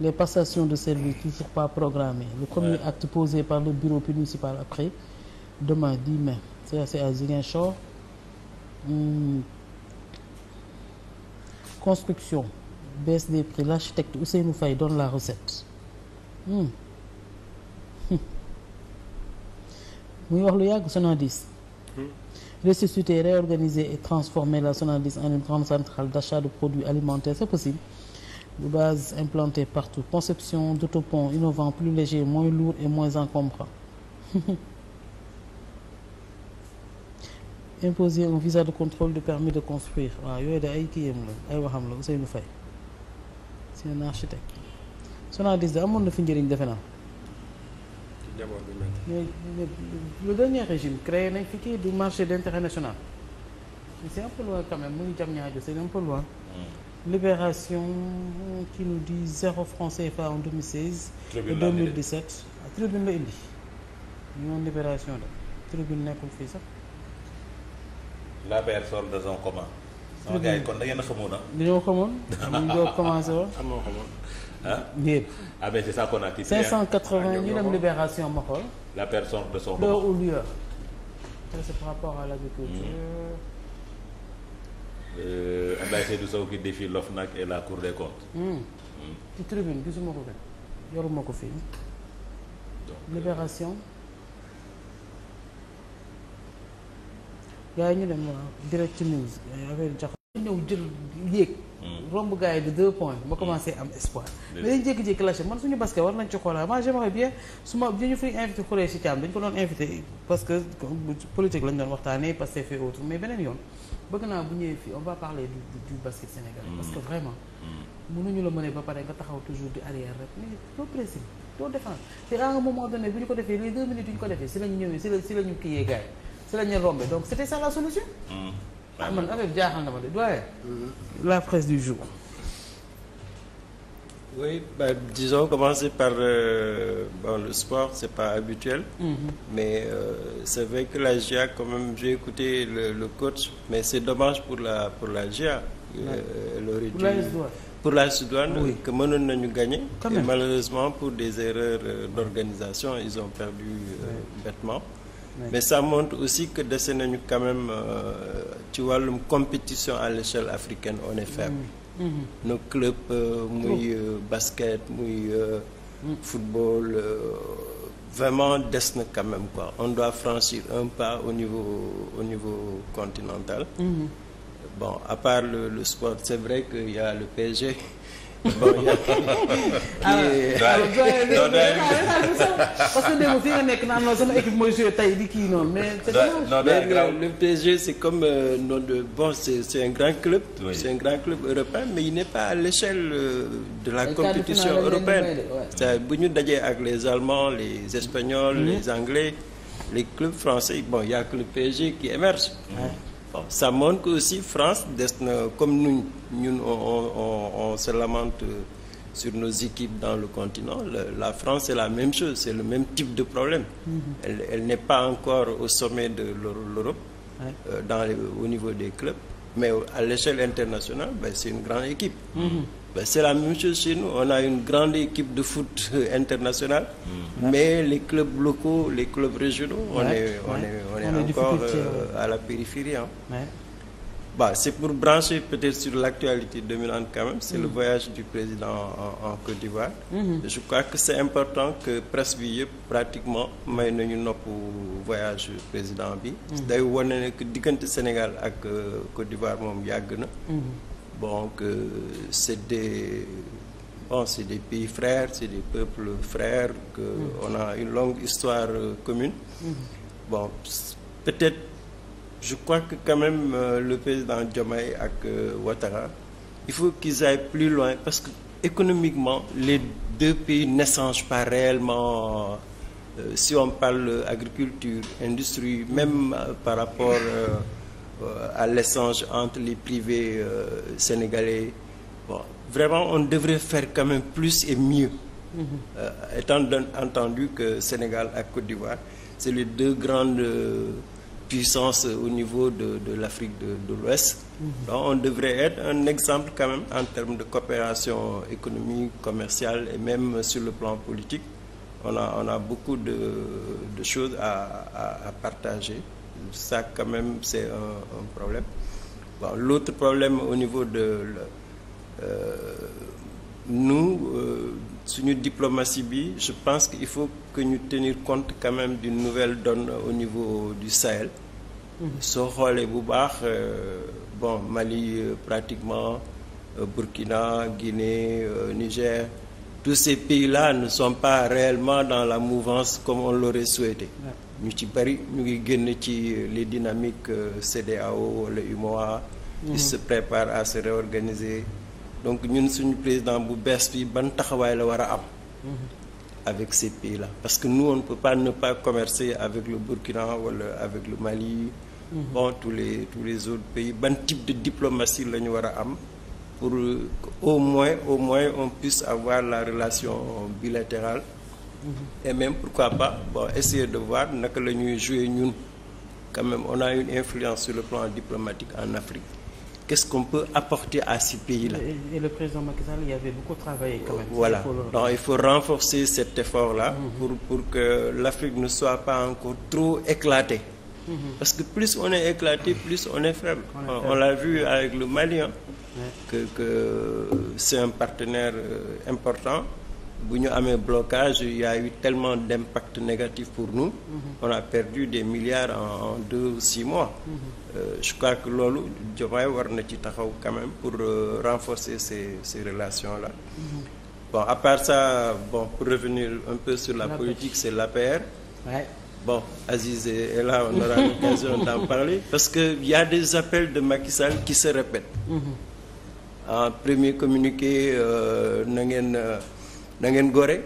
les passations de service toujours pas programmées. Le premier ouais. acte posé par le bureau municipal après demain 10 mai. C'est à Ziguinchor. Hum. Construction, baisse des prix. L'architecte Ousseynou Faye donne la recette. Hum. Hum. muy wax lu yàgg Sonadis. ressusciter hmm. réorganiser et transformer la Sonadis en une grande centrale d'achat de produits alimentaires c'est possible. de base implantée partout conception d'autopont innovant plus léger moins lourd et moins encombrant imposer un visa de contrôle de permis de construire waaw yooyu de ay kiyam la ay waxam la Ousseynou Faye c'est un architecte Sonadis da amoon na fi njëriñ defe naa. le dernier régime créé nañ fi kii du marché d'intérêt national mais c'est un peu loin quand même mu jam ñaajo c'est un peu loin. Hmm. liberation qui nous dit zéro franc CFA en 2016. tribune la 2017 ah, tribune la indi ñoom Libération la tribune nekkul fii sax. la personne de son commun. sama gars yi kon da ngeen a xamoon ah. dañoo xamoon. ñu doog commencé woon. am ah? ah, ma xool. la personne de son commun. le ou lieu. c'est par rapport à l'agriculture. Mmh. Euh, Abdoulaye Seydou Sow ki défie l'OFNAC et la Cour des comptes. Hmm. Hmm. ci tribune gisuma ko de yoruma ko fii. Euh, libération. gars yi ñu dem waaw euh, direct news affaire jax ñëw jël yéeg. Hmm. romb gars yi de deux points ba commencé am espoir. dëgg la dañuy jékki-jékki lâché man dañ ko doon invité parce que politique lañ doon waxtaanee parce que fait autre mais beneen yoon. bëgg naa bu ñëwee fii on va parler du du, du basket sénégalais. Mm. parce que vraiment. Mm. mënuñu la mënee ba pare nga taxaw toujours di arrière rek mais doo pressé doo défense te à un moment donné bu ñu ko defee les deux minutes yu ñu ko defee si la ñëwee si la si la ñu yi si la ñu donc c' était ça la solution. Mm. ah man affaire jaaxal na ma de doyen. la presse du jour. Oui, bah, disons, commencer par euh, bon, le sport, c'est pas habituel, mhm. mais euh, c'est vrai que la GIA, quand même, j'ai écouté le, le, coach, mais c'est dommage pour la, pour la GIA. Euh, ouais. pour, la pour la Sudouane, oui. que Monon n'a gagné. et malheureusement, pour des erreurs euh, d'organisation, ils ont perdu euh, ouais. bêtement. Mais ça montre aussi que de quand même, tu vois, la compétition à l'échelle africaine, on est faible. Mm. nos clubs uh, muy uh, basket muy uh, football vraiment des na quand même quoi on doit franchir un pas au niveau au niveau continental mm-hmm. bon à part le, sport c'est vrai que y a le PSG Ah, parce que nekk naan non sama équipe mooy joué tey di kii noonu mais. Euh, le PSG c'est comme euh, non bon c'est c'est un grand club. Oui. c'est un grand club européen mais il n'est pas à l'échelle euh, de la. compétition européenne c'est-à-dire bu ñu dajee ak les Allemands les Espagnols. Mm-hmm. les Anglais les clubs français il y a que le PSG qui émerge. bon ça montre que aussi France des na comme nous ñun on on on se lamente sur nos équipes dans le continent le, la France c'est la même chose c'est le même type de problème mm -hmm. elle n'est pas encore au sommet de l'Europe ouais. Euh, dans au niveau des clubs mais à l'échelle internationale ben, c'est une grande équipe mm-hmm. Ben, c'est la même chose On a une grande équipe de foot euh, internationale, hmm. mais les clubs locaux, les clubs régionaux, ouais, on, est, ouais. on, est, on, est, encore euh, à la périphérie. Bah, c'est pour brancher peut-être sur l'actualité dominante quand même, c'est mmh. le hmm. voyage du président en, en Côte d'Ivoire. Hmm. Je crois que c'est important que presse bi yëpp pratiquement may nañu nopp voyage président bi. day wane ne que diggante Sénégal ak euh, Côte d'Ivoire moom yàgg na. Bon, que c'est des, bon, c'est des pays frères, c'est des peuples frères, que mmh. on a une longue histoire euh, commune. Mmh. Bon, peut-être, je crois que quand même euh, le président Diomaye ak euh, Ouattara, il faut qu'ils aillent plus loin parce que économiquement, les deux pays n'échangent pas réellement. Euh, si on parle agriculture, industrie, même euh, par rapport euh, Euh, à l'échange entre les privés euh, sénégalais. Bon, vraiment, on devrait faire quand même plus et mieux. Mm -hmm. étant entendu que Sénégal et Côte d'Ivoire, c'est les deux grandes puissance au niveau de, de l'Afrique de, de l'Ouest. Mhm. Donc on devrait être un exemple quand même en termes de coopération économique, commerciale et même sur le plan politique. On a, on a beaucoup de, de choses à, à, à partager. ça quand même c'est un, problème bon l'autre problème au niveau de euh, nous euh, suñu diplomatie bi je pense qu'il faut que ñu tenir compte quand même d'une nouvelle donne au niveau du Sahel mm-hmm. soo xoolee bu baax euh, bon Mali euh, pratiquement euh, Burkina Guinée Niger tous ces pays-là ne sont pas réellement dans la mouvance comme on l'aurait souhaité ñu ci bëri ñu ngi génn ci les dynamiques euh, CEDEAO wala UMOA. Mhm. ils se préparent à se réorganiser donc ñun suñu président bu bees bi ban taxawaay la war a am. Mhm. avec ces pays là parce que nous on ne peut pas ne pas commercer avec le Burkina wala avec le Mali. Mhm. bon tous les tous les autres pays ban type de diplomatie la ñu war a am. pour euh, au moins au moins on puisse avoir la relation bilatérale. Mm-hmm. et même pourquoi pas bon essayer de voir naka la ñuy jouer ñun quand même on a une influence sur le plan diplomatique en Afrique qu'est-ce qu'on peut apporter à ces pays-là et, et le il faut renforcer cet effort-là mm-hmm. pour pour que l'Afrique ne soit pas encore trop éclatée mm-hmm. parce que plus on est éclaté plus on est faible on, on, on l'a vu avec le Mali que c'est un partenaire euh, important bu ñu amee blocage il y a eu tellement d'impact négatif pour nous. Mm -hmm. on a perdu des milliards en, en deux six mois. Mm-hmm. Euh, je crois que loolu Diomaye war na ci taxaw quand pour euh, renforcer ces ces relations là. Mm mm-hmm. bon à part ça bon pour revenir un peu sur la politique c'est l'APR. Ouais. bon Aziz est la on aura l'occasion d'en parler. parce que y a des appels de Macky Sall qui se répètent. Mm-hmm. en premier communiqué euh, na ngeen. Euh, na ngeen gore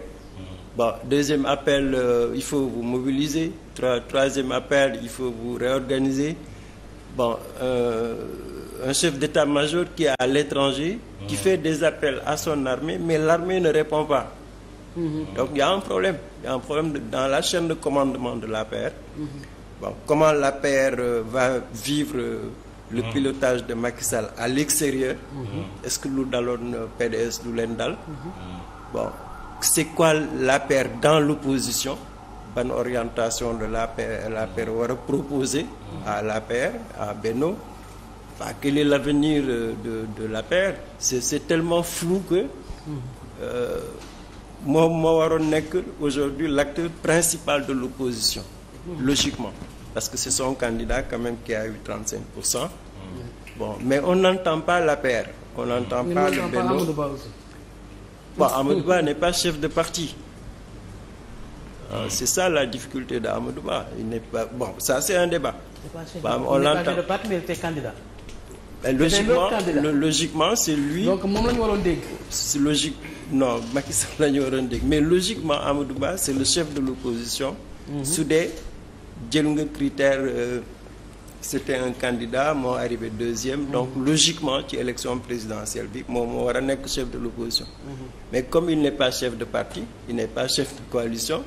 bon deuxième appel euh, il faut vous mobiliser Trois, troisième appel il faut vous réorganiser bon euh, un chef d'état-major qui est à l'étranger mmh. qui fait des appels à son armée mais l'armée ne répond pas mmh. donc il y a un problème il y a un problème de, dans la chaîne de commandement de la paire mmh. comment la paire euh, va vivre euh, le mmh. pilotage de Macky Sall à l'extérieur mmh. est-ce que lu daloon euh, PDS lu dal c'est quoi l'APR dans l'opposition ban orientation de la l'APR war a proposer à l'APR à Benno bah, quel est l'avenir euh, de de l'APR c'est c'est tellement flou que euh, moom moo waroon nekk aujourd'hui l'acteur principal de l'opposition logiquement parce que c'est son candidat quand même qui a eu 35 pour cent mm. bon mais on n'entend pas l'APR on n'entend pas le Benno Bon, Amadouba n'est pas chef de parti. Ah, hmm. C'est ça la difficulté d'Amadouba. Il n'est pas. Bon, ça c'est un débat. Bah, on l'entend. logiquement le, logiquement c'est lui. donc moom la ñu waroon dégg. c'est non Macky Sall la ñu waroon dég mais logiquement Amadou Ba c'est le chef de l'opposition. Mm-hmm. su dee jël nga critère. Euh, c'était un candidat moo arrivé deuxième mm-hmm. donc logiquement ci élection présidentielle bi moom moo war a nekk chef de l'opposition mm-hmm. mais comme il n'est pas chef de parti il n'est pas chef de coalition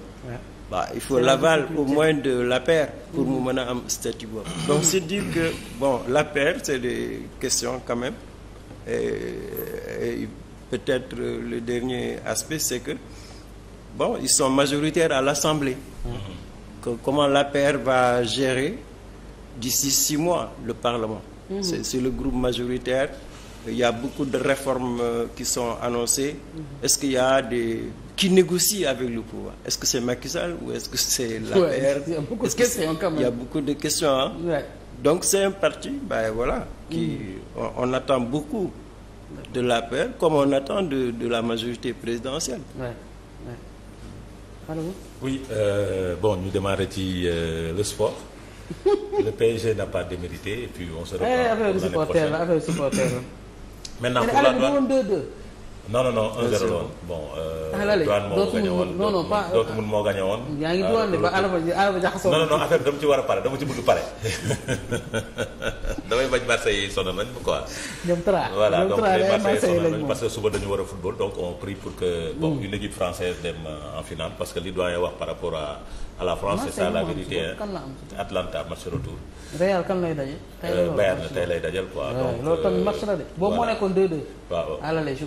bah il faut l'aval au moins de l'APR pour mu mm-hmm. mën a am statut boobu donc c'est dire que bon l'APR c'est des questions quand même et, et peut-être le dernier aspect c'est que ils sont majoritaires à l'Assemblée que comment l'APR va gérer d'ici six mois le Parlement. Mmh. C'est, le groupe majoritaire. Il y a beaucoup de réformes euh, qui sont annoncées. Mhm. Est-ce qu'il y a des qui négocient avec le pouvoir? Est-ce que c'est Macky ou est-ce que c'est l'APR? Ouais, il y a beaucoup de questions quand même. Il de c'est un parti mhm. on, attend beaucoup de l'APR comme on attend de la majorité présidentielle. Ouais. Allô? Euh, ci euh, le sport. le PSG n'a pas démérité et puis on se eh, reprend affaire supporter la affaire supporter la maintenant pour la douane 2-2 non non non 1-0 la woon bon euh, ah, douane moo gagné woon non non pas Dortmund moo gagné woon yaa ngi euh, douane ba Alaba Alaba jaxasoo non non non affaire bi dama ci war a pare dama ci bëgg pare damay bañ Marseille yi sonal nañ quoi ñoom tra voilà donc les Marseillais sonal nañ parce que suba dañu war a football donc on prie pour que mm. une équipe française dem euh, en finale parce à la France Atlanta match retour. Real kan lay daje. Euh, lay dajal quoi. donc loolu tamit euh, match moo nekkoon 2-2. waaw à l'aller je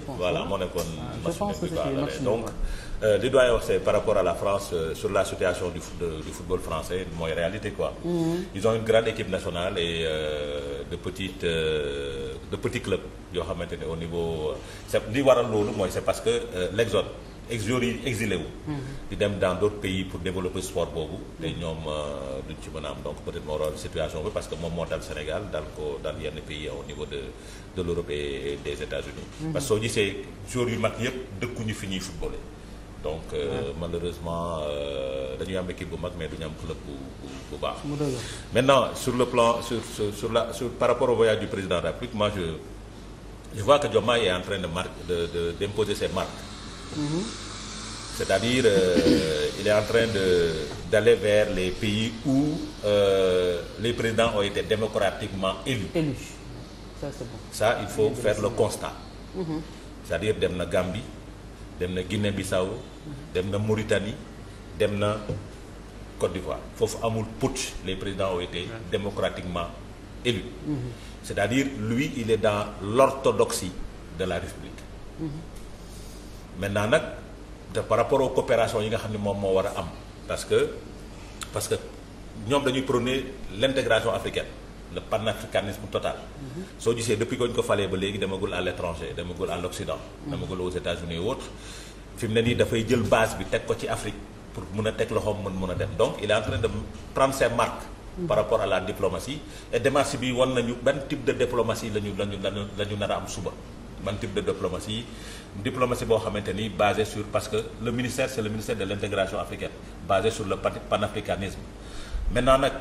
par rapport à la France euh, sur la situation du du football français mooy réalité quoi. Mm-hmm. ils ont une grande équipe nationale et de petites de yoo xamante ne au niveau c'est li waral loolu mooy c'est parce que l'exode. ex yu yi wu. di dem dans d' autres pays pour développer sport boobu. te mm-hmm. ñoom euh, duñ ci mën a am donc peut être moo situation bi parce que moom moo dal Sénégal dal ko dal yenn pays au niveau de de l' et des États-Unis mm-hmm. parce que soo gisee joueurs yu mag yëpp dëkkuñu fi ñuy footballé. donc euh, ouais. malheureusement euh, dañuy am équipe bu mag mais duñu am club bu bu baax. maintenant sur le plan sur sur la sur par rapport au voyage du président de la République moi je je vois que en train de marque de de d'imposer ses marques. Mhm. C'est-à-dire, euh, il est en train d'aller vers les pays où euh, les présidents ont été démocratiquement élus. Ça, il faut faire le constat. Mm -hmm. C'est-à-dire, dem na Gambie, dem na Guinée-Bissau, mhm. dem na Mauritanie, dem na Côte d'Ivoire. Foofu amul putsch, les présidents ont été démocratiquement élus. Mm -hmm. C'est-à-dire, lui, il est dans l'orthodoxie de la République. Mhm. maintenant nag te par rapport aux coopérations yi nga xam ne moom moo war a am parce que parce que ñoom dañuy prôner l'intégration africaine le panafricanisme total. Mhm. soo gisee depuis que ñu ko falee ba léegi demagul à l'étranger demagul à l'Occident. demagul aux États-Unis ou autres fi ne nii dafay jël base bi teg ko ci Afrique pour mun a teg loxoom mën mun a dem donc il est en train de prendre ses marques. Mhm. par rapport à la diplomatie. et démarche bi wan nañu ban type de diplomatie la ñu la ñu la ñu nar a am suba ban type de diplomatie. diplomatie boo xamante ni basée sur parce que le ministère c'est le ministère de l'intégration africaine basé sur le panafricanisme maintenant nag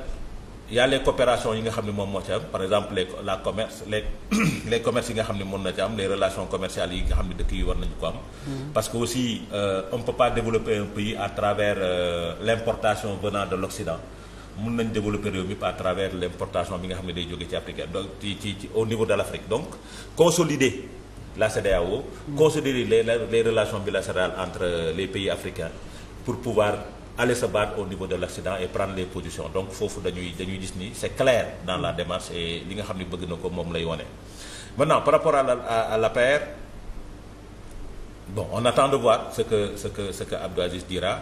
y a les coopérations yi nga xam ne moom moo ci am par exemple les la commerce les les commerces yi nga xam ne mën na ci am les relation commerciales yi nga xam ne dëkk yi war nañu ko am mm-hmm. parce que aussi euh, on ne peut pas développer un pays à travers euh, l'importation venant de l'Occident mën nañ développer réew mi à travers l'importation bi nga xam ne day jóge ci Afrique donc ci ci ci au niveau de l'Afrique donc consolider la CEDEAO considérer les les relations bilatérales entre les pays africains pour pouvoir aller se battre au niveau de l'accident et prendre les positions donc foofu dañuy dañuy gis ni c'est clair dans la démarche li nga xam ne bëgg na ko moom lay wone maintenant par rapport à la à, à l'APR bon on attend de voir ce que ce que Abdou Aziz dira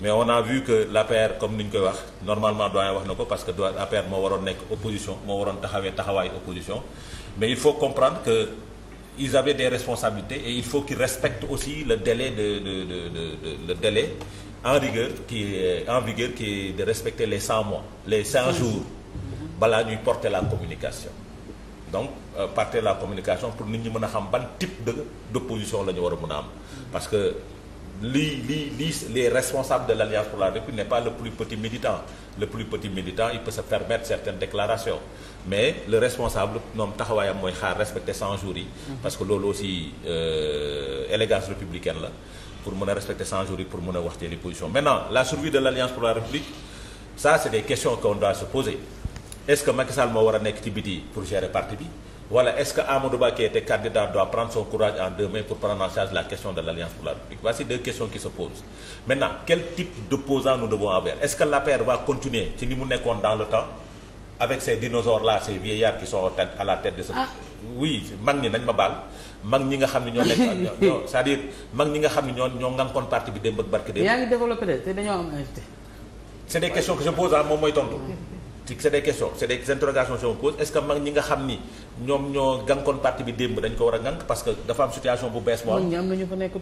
mais on a vu que l'APR comme ni ñu koy wax normalement doyen wax na ko parce que l'APR moo waroon nekk opposition moo waroon taxawee taxawaay opposition mais il faut comprendre que ils avaient des responsabilités et il faut qu'ils respectent aussi le délai de, de, de, de le délai en rigueur qui est, en vigueur qui est de respecter les cent mois, les 100 jours. balaa ñuy porter la communication donc euh, la communication pour nit ñi mën a xam ban type de d'opposition la ñu war a mun a am parce que li li li les responsables de l'Alliance pour République n'est pas le plus petit militant le plus petit militant il peut se permettre certaines déclarations mais le responsable moom taxawaayam mooy xaar respecter 100 jours yi mhm. parce que loolu aussi euh, élégance républicaine la pour mën a respecter 100 jours yi pour mën a wax ci les positions maintenant la survie de l'Alliance pour la République ça c'est des questions qu'on doit se poser est-ce que Macky moo Voilà, est-ce que Amadou Baké était candidat doit prendre son courage en deux pour prendre en charge la question de l'Alliance pour la République Voici deux questions qui se posent. Maintenant, quel type d'opposant nous devons avoir Est-ce que l'APR va continuer si nous dans le temps avec ces dinosaures-là, ces vieillards qui sont à la tête de ce... Ah. Oui, mag ñi nañ ma baal mag ñi nga xam ne ñoo nekk ñoo dire mag ñi nga xam ne ñoo ñoo ngànkoon parti bi démb ak barke démb. c'est des questions c'est des interrogations sont pose est-ce que mag ñi nga xam ni ñoom ñoo gànkoon parti bi démb dañ ko war a gànk parce que dafa am situation bu bees moo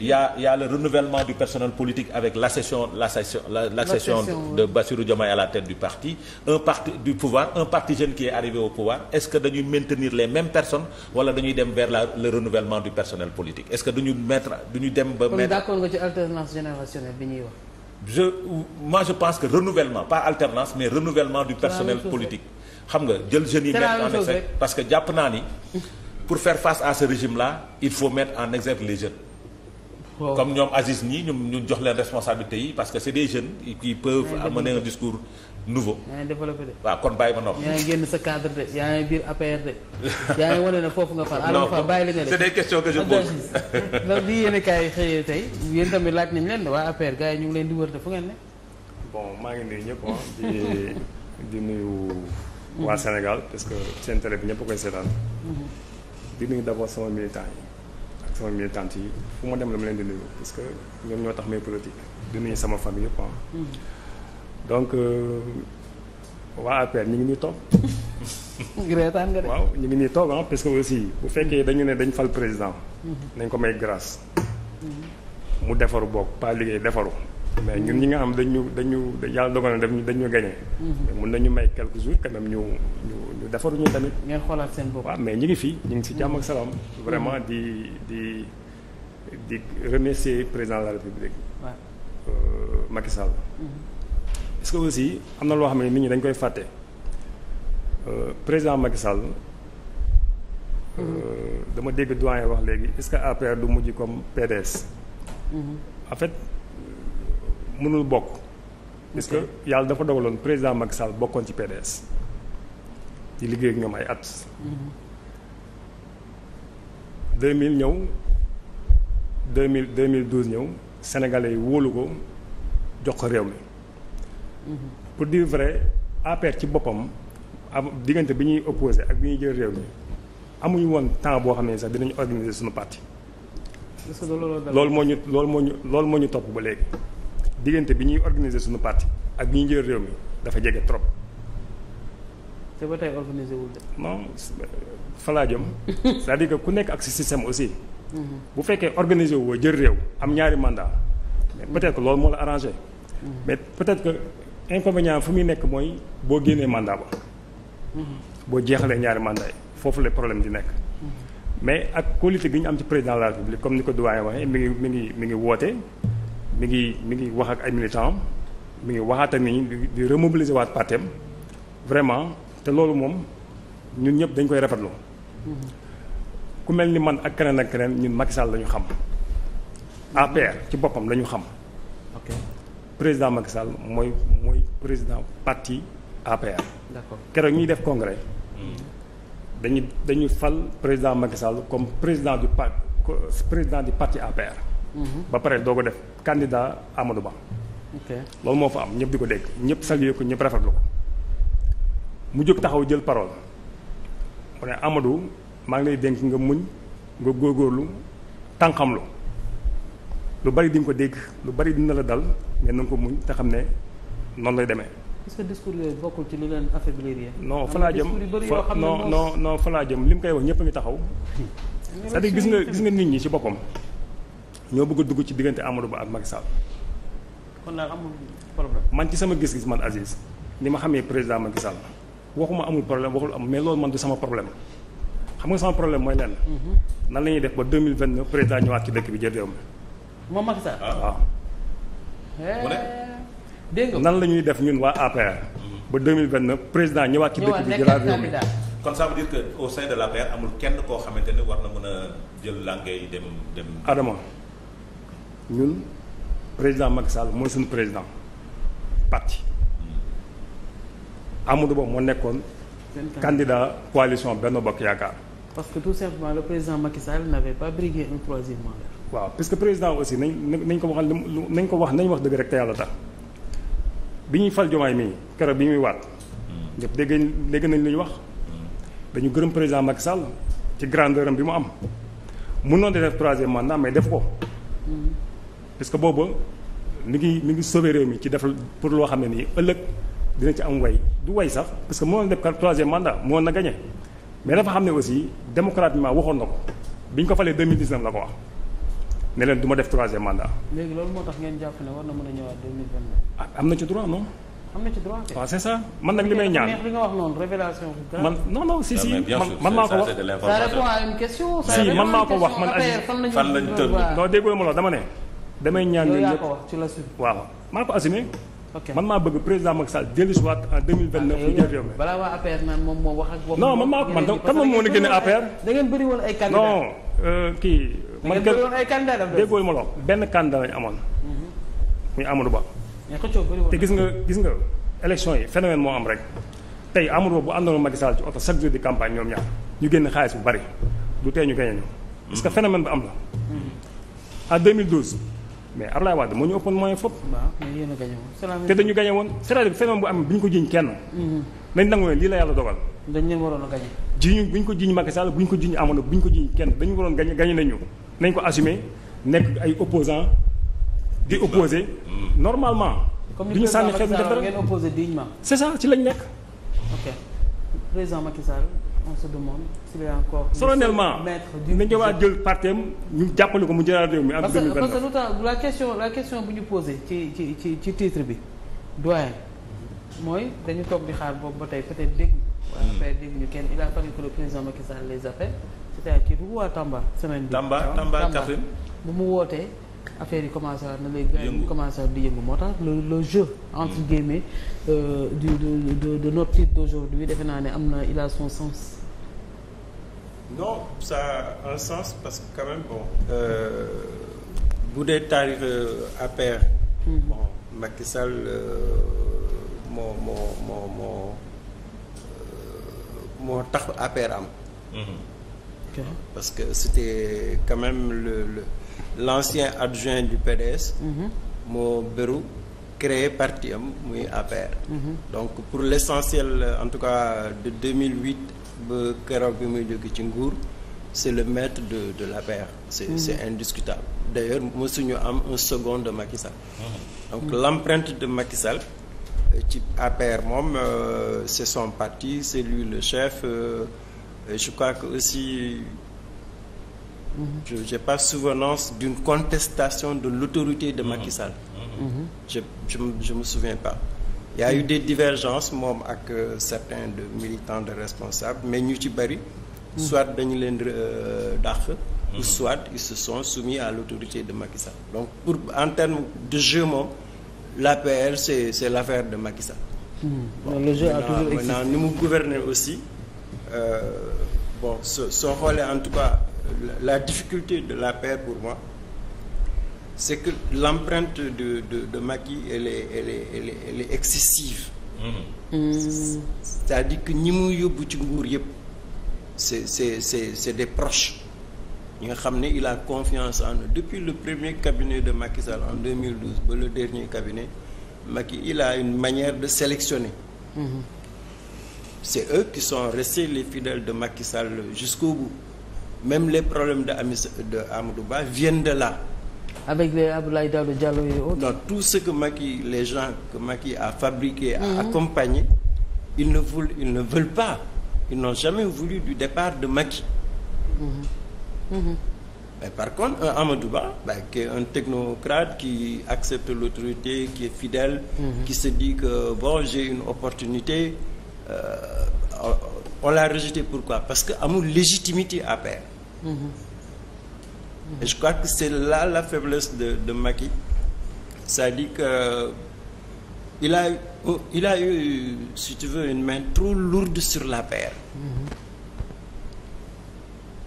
y a y renouvellement du personnel politique avec l'accession l'accession l'accession de Bassirou Diomaye la tête du parti un parti du pouvoir un parti jeune qui arrivé au pouvoir est-ce que dañuy maintenir les mêmes personnes wala dañuy dem vers la renouvellement du personnel je moi je pense que renouvellement pas alternance mais renouvellement du personnel politique xam nga jël jeunes yi mettre en exergue parce que jàpp naa ni pour faire face à ce régime là il faut mettre en exergue les jeunes Wow. comme ñoom Aziz ñii ñu ñu jox leen responsabilité yi parce que c'est des jeunes qui peuvent amener un discours nouveau yaa développé de. waaw kon bàyyi ma nopp. yaa ngi génn sa ne foofu nga far. alors fa bàyyi la ne de c'est des questions que je pose. ndax bi yéen kaay xëyee tey yéen tamit laaj nañ leen de waa APR gars yi ñu leen di wër de fu ngeen ne. bon maa ngi nuyu ñëpp ah. di di nuyu waa Sénégal parce que seen télé bi ñëpp koy seetaan. Mm-hmm. di nuyu d'abord sama militant yi ak sama militante yi fu ma dem la ma leen di nuyu parce que ñoom ñoo tax may politique di nuyu sama famille yëpp ah. mm-hmm. donc euh, waa APR ñu ngi nii toog. reetaan nga waaw ñu ngi nii toog ah parce que aussi bu fekkee dañu ne dañ fal président. Mhm. nañ ko may grâce. Mhm. mu defaru boog pas liggéey defaru. mais ñun ñi nga xam dañu dañu yàlla dogal na def dañu gagné. mun mhm. nañu may quelques jours quand même ñu ñu ñu defaruñu tamit. ngeen xoolaat seen bopp. waaw mais ñu ngi fi ñu ngi si jàmm ak salaam. vraiment di di di remercier président de la république. waaw euh, Macky est-ce que aussi am na loo xam ne nit ñi dañ koy fàtte euh, président Macky Sall. Euh, dama dégg doyen wax léegi est-ce que APR du mujj comme PDS. Mm-hmm. en fait mënul bokk. parce que yàlla dafa dogaloon président Macky Sall bokkoon ci PDS. di liggéey ak ñoom ay at. 2000 mm-hmm. ñëw 2000 2012 ñëw sénégalais wóolu ko jox ko réew mi. pour dire vrai APR ci boppam am diggante bi ñuy opposé ak bi ñuy jël réew mi amuñu woon temps boo xam ne sax dinañu organiser suñu parti. loolu moo ñu loolu moo ñu loolu moo ñu topp ba léegi diggante bi ñuy organiser suñu parti ak bi ñuy réew mi dafa jege trop. te ba tey organisé wul de. non euh, fa laa jëm cest ku nekk ak si système aussi. Mhm. bu fekkee organisé wu jël réew am ñaari mandat mais mhm. peut-être que loolu moo la arrangé. Mhm. mais peut-être que inconvénient fu muy nekk mooy boo génnee mandat ba boo jeexalee ñaari mandat yi foofu lay problème di nekk mais ak qualité gi ñu am ci président la république comme ni ko doyen waxee mi ngi mi ngi mi ngi woote mi ngi mi ngi wax ak ay militants mi ngi waxaata ni di remobiliser waat partem vraiment te loolu moom ñun ñëpp dañ koy rafetlu ku mel ni man ak keneen ak keneen ñun Macky Sall la ñu xam mm-hmm. APR ci boppam la ñu xam président Macky Sall mooy mooy président parti APR. d'accord keroog ñuy def congrès. dañu dañu fal président Macky Sall comme président du parti président du parti APR. Mhm. ba pare doo ko def candidat Amadou Ba. ok loolu moo fa am ñëpp di ko dégg ñëpp salué ko ñëpp rafetlu ko. mu jóg taxaw jël parole mu ne Amadou maa ngi lay dénk nga muñ nga góorgóorlu tànqamlu. lu bari di ko dégg lu bari dina la dal mais na ko muñ te xam ne noonu lay demee. est-ce que discours yooyu bokkul ci lu leen affaiblir non fa laa jëm non non non fa laa li mu koy wax ñëpp a taxaw. cest à gis nga gis nga nit ñi ci boppam ñoo bëgg dugg ci diggante Amadou Ba ak Macky Sall. kon daal amul problème. man ci sama gis-gis man Aziz ni ma xamee président Macky Sall waxuma amul problème waxul am mais loolu man du sama problème xam nga sama problème mooy lenn. Mhm. nan la ñuy def ba deux mille vingt neuf président ñëwaat ci dëkk bi jël réew mi moom Macky Sall ah. waaw. Eh. dégg nga nan la ñuy def ñun waa APR. Mm-hmm. ba deux mille vingt neuf président ñëwaat ci dëkk bi jëlaat réew mi kon ça veut dire que au sein de l'APR amul kenn koo xamante ne war na mën a jël làngee dem dem. Adama ñun président Macky Sall mooy suñu président parti mm-hmm. Amadou Ba moo nekkoon. candidat coalition Benno Bokk Yaakaar. parce que tout simplement le président Macky Sall n'avait pas un troisième waaw parce que président aussi nañ nañ ko waxal nañ ko wax nañ wax dëgg rek te yàlla tax bi ñuy fal jomaay mii keroog bi ñuy waat. Hmm. ñëpp dégg dégg nañ lu ñu wax. Hmm. dañu gërëm président Macky Sall ci grandeur bi mu am mënoon di def troisième mandat mais def ko. Hmm. parce que boobu mi ngi mi ngi sauver réew mi ci def pour loo xam ne nii ëllëg dina ci am way du way sax parce que mënoon def kar troisième mandat moo na gagné mais dafa xam ne aussi démocratiquement waxoon na ko bi ñu ko falee 2019 la ko wax. neleen leen ma def troisième mandat. léegi loolu moo tax ngeen jàpp ne war na mën a ñëwaat 2022. Ah, am na ci droit non. am na ci droit kay. waaw c'est ça man nag li may ñaan li nga wax noonu si si man maa ko wax. ça répond à une question. si man maa ko wax man Aziz fan lañ tënk non déggoo ma la dama ne. damay ñaan ñun ñëpp waaw maa ko assumé. man maa bëgg président Macky Sall dellu si en 2029. ñu jël réew mi balaa waa APR naan moom moo wax ak. non man maa ko man kenn déggoo ma lool benn candidat lañu amoon. Mm-hmm. muy Amadou Ba. te gis nga gis nga élection yi phénomène moo am rek tey Amadou Ba bu àndoon Macky Sall ci oto chaque jour di campagne ñoom ñaar ñu génn xaalis bu bari du tey ñu gañe ñu. parce que mm-hmm. phénomène bi am na mm-hmm. en 2012. mais Ablaye moo ñu ëppoon woon c'est-à-dire bu ñu ko jiñ kenn. nañ nangu ne lii la yàlla dogal. dañ a gañe. jiñu bu ñu ko jiñ Macky Sall bu ñu ko jiñ Amadou bu ñu ko jiñ kenn dañu waroon gañe gañe nañu nañ ko assumé nekk ay opposant di opposé hmm. normalement. du ñu sànni xeetu def dara ngeen opposé dignement. c'est ça ci lañ nekk. ok président Macky Sall on se demande s'il est encore. solennellement nañ ko waa jël partem ñu jàppale ko mu jëlaat réew mi en 2022 parce que lu la question la question bu ñu posé ci ci ci ci titre bi doyen mooy dañu toog di xaar boobu ba tey peut-être dégg. Hmm. waaye après dégg ñu kenn il a fallu que le président Macky Sall les appelle. c'était kii du waa Tamba semaine bi. Tamba Tamba bu mu wootee affaire yi commencé na léegi. yëngu commencé waat yëngu moo tax le le jeu. entre mm. guillemets euh, du de de de d'aujourd'hui defe naa ne am na il a son sens. non ça un sens parce que quand bon. Euh, bu dee taarix euh, APR. Mm. bon euh, moo moo moo moo moo tax APR am. Mm-hmm. Parce que c'était quand même le, le, l'ancien adjoint du PDS, mhm. moo bëru créé parti am muy APR. Mhm. donc pour l'essentiel en tout cas de 2008 ba keroog bi muy jóge ci nguur c'est le maître de de l'APR. c'est mm -hmm. c'est indiscutable d'ailleurs mosuñu am un second de Macky mhm. donc mm de Macky Sall euh, ci APR moom euh, c'est son parti c'est lui le chef. Euh, Euh, je crois que aussi mhm. je j'ai pas souvenance d'une contestation de l'autorité de Macky mhm. Sall. Mhm. je je je me souviens pas. il y a eu des divergences moom ak euh, certains de militants de responsables mais ñu ci bëri. soit dañu leen euh, dàq. ou soit ils se sont soumis à l'autorité de Macky donc pour en termes de jeu moom l'APR c'est c'est l'affaire de Macky Sall. le jeu a toujours existé maintenant ni mu gouverner aussi. Euh, bon soo soo xoolee en tout cas la difficulté de la l'APR pour moi c'est que l'empreinte de de de Macky elle est elle est elle est, elle excessive. Mm-hmm. Mm. c'est-à-dire que ñi mu yóbbu ci nguur yëpp c'est c'est c'est c'est des proches ñi nga xam ne il a confiance en depuis le premier cabinet de Macky Sall en 2012 ba le dernier cabinet Macky il a une manière de sélectionner. Mm-hmm. c'est eux qui sont restés les fidèles de Macky Sall jusqu'au bout. Même les problèmes de, Amis, de Amadouba viennent de là. Avec les Abdoulaye Daouda Diallo et autres. Non, tout ce que Macky, les gens que Macky a fabriqué, a mmh. accompagné, ils ne, veulent, ils ne veulent pas. Ils n'ont jamais voulu du départ de Macky. Mmh. Mmh. Mais par contre, un euh, Amadouba, bah, qui est un technocrate qui accepte l'autorité, qui est fidèle, mhm. qui se dit que j'ai une opportunité, Euh, on l'a rejeté pourquoi parce que amul légitimité à pair mm -hmm. je crois que c'est là la faiblesse de de Macky c'est-à-dire que il a il a eu si tu veux une main trop lourde sur la paire mm -hmm.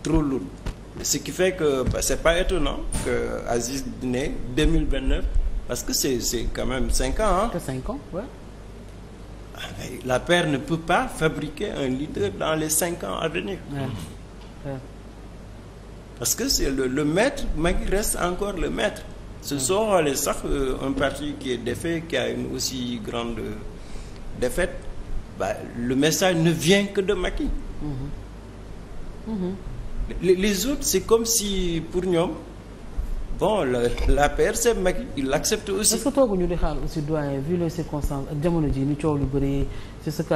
trop lourde ce qui fait que bah, c'est pas étonnant que Aziz Dine parce que c'est c'est quand même cinq ans ans la paire ne peut pas fabriquer un leader dans les cinq ans à venir. parce que c'est le, le maître Macky reste encore le maître. ce soo xoolee sax un parti qui est défait qui a une aussi grande euh, défaite le message ne vient que de Macky. Mmh. les, autres c'est comme si pour ñoom. bon l'APR c'est mag il l'accepte aussi. est-ce que tooguñu di xaar aussi doyen vu les ak jamono ji ni coow lu bëri c'est ce que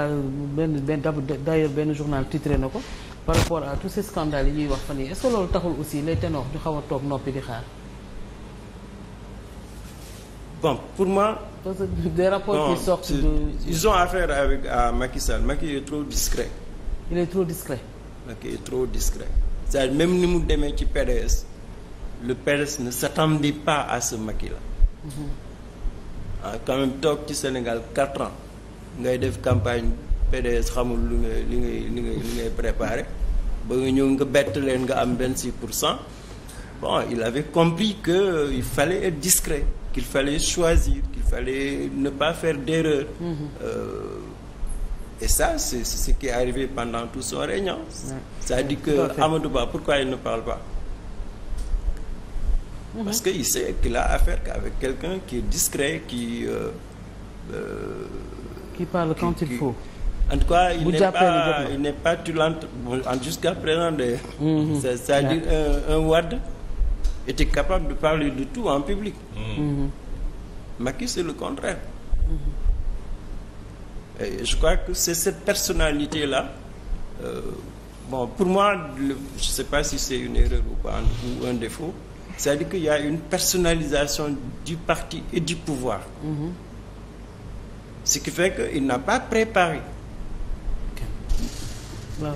benn benn d'ailleurs benn journal titré na ko par rapport à tous ces scandales yi ñuy wax fan yi est-ce que loolu taxul aussi les ténors ñu xaw a toog noppi di xaar. bon pour moi. parce que des rapports non, qui sortent de. ils ont affaire avec à Macky Sall Macky est trop discret. il est trop discret. Macky est même ni mu demee ci PDS. le PDS ne s'attendait pas à ce Macky-là mm-hmm. ah quand toog ci Sénégal quatre ans ngay def campagne PDS xamul lu ngay li ngay li ngay li ngay préparé ba nga ñëw nga bett leen nga am vingt six pour cent bon il avait compris que euh, il fallait être discret qu'il fallait choisir qu'il fallait ne pas faire d'erreur mm-hmm. euh, et ça c'est ce qui est arrivé pendant tout son règne cest à que Amadou Ba pourquoi il ne parle pas Parce mhm. qu'il sait qu'il a affaire qu'avec quelqu'un qui est discret, qui... Euh, euh, parle quand faut. En tout cas, il n'est pas, il n'est jusqu'à présent. De... Mm -hmm. C'est-à-dire un, un était capable de parler de tout en public. Mm -hmm. c'est le contraire. Mhm. Et je crois que c'est cette personnalité-là. Euh, bon, pour moi, je sais pas si c'est une erreur ou un défaut. c'est-à-dire qu'il y a une personnalisation du parti et du pouvoir. Mmh. Ce qui fait qu'il n'a pas préparé.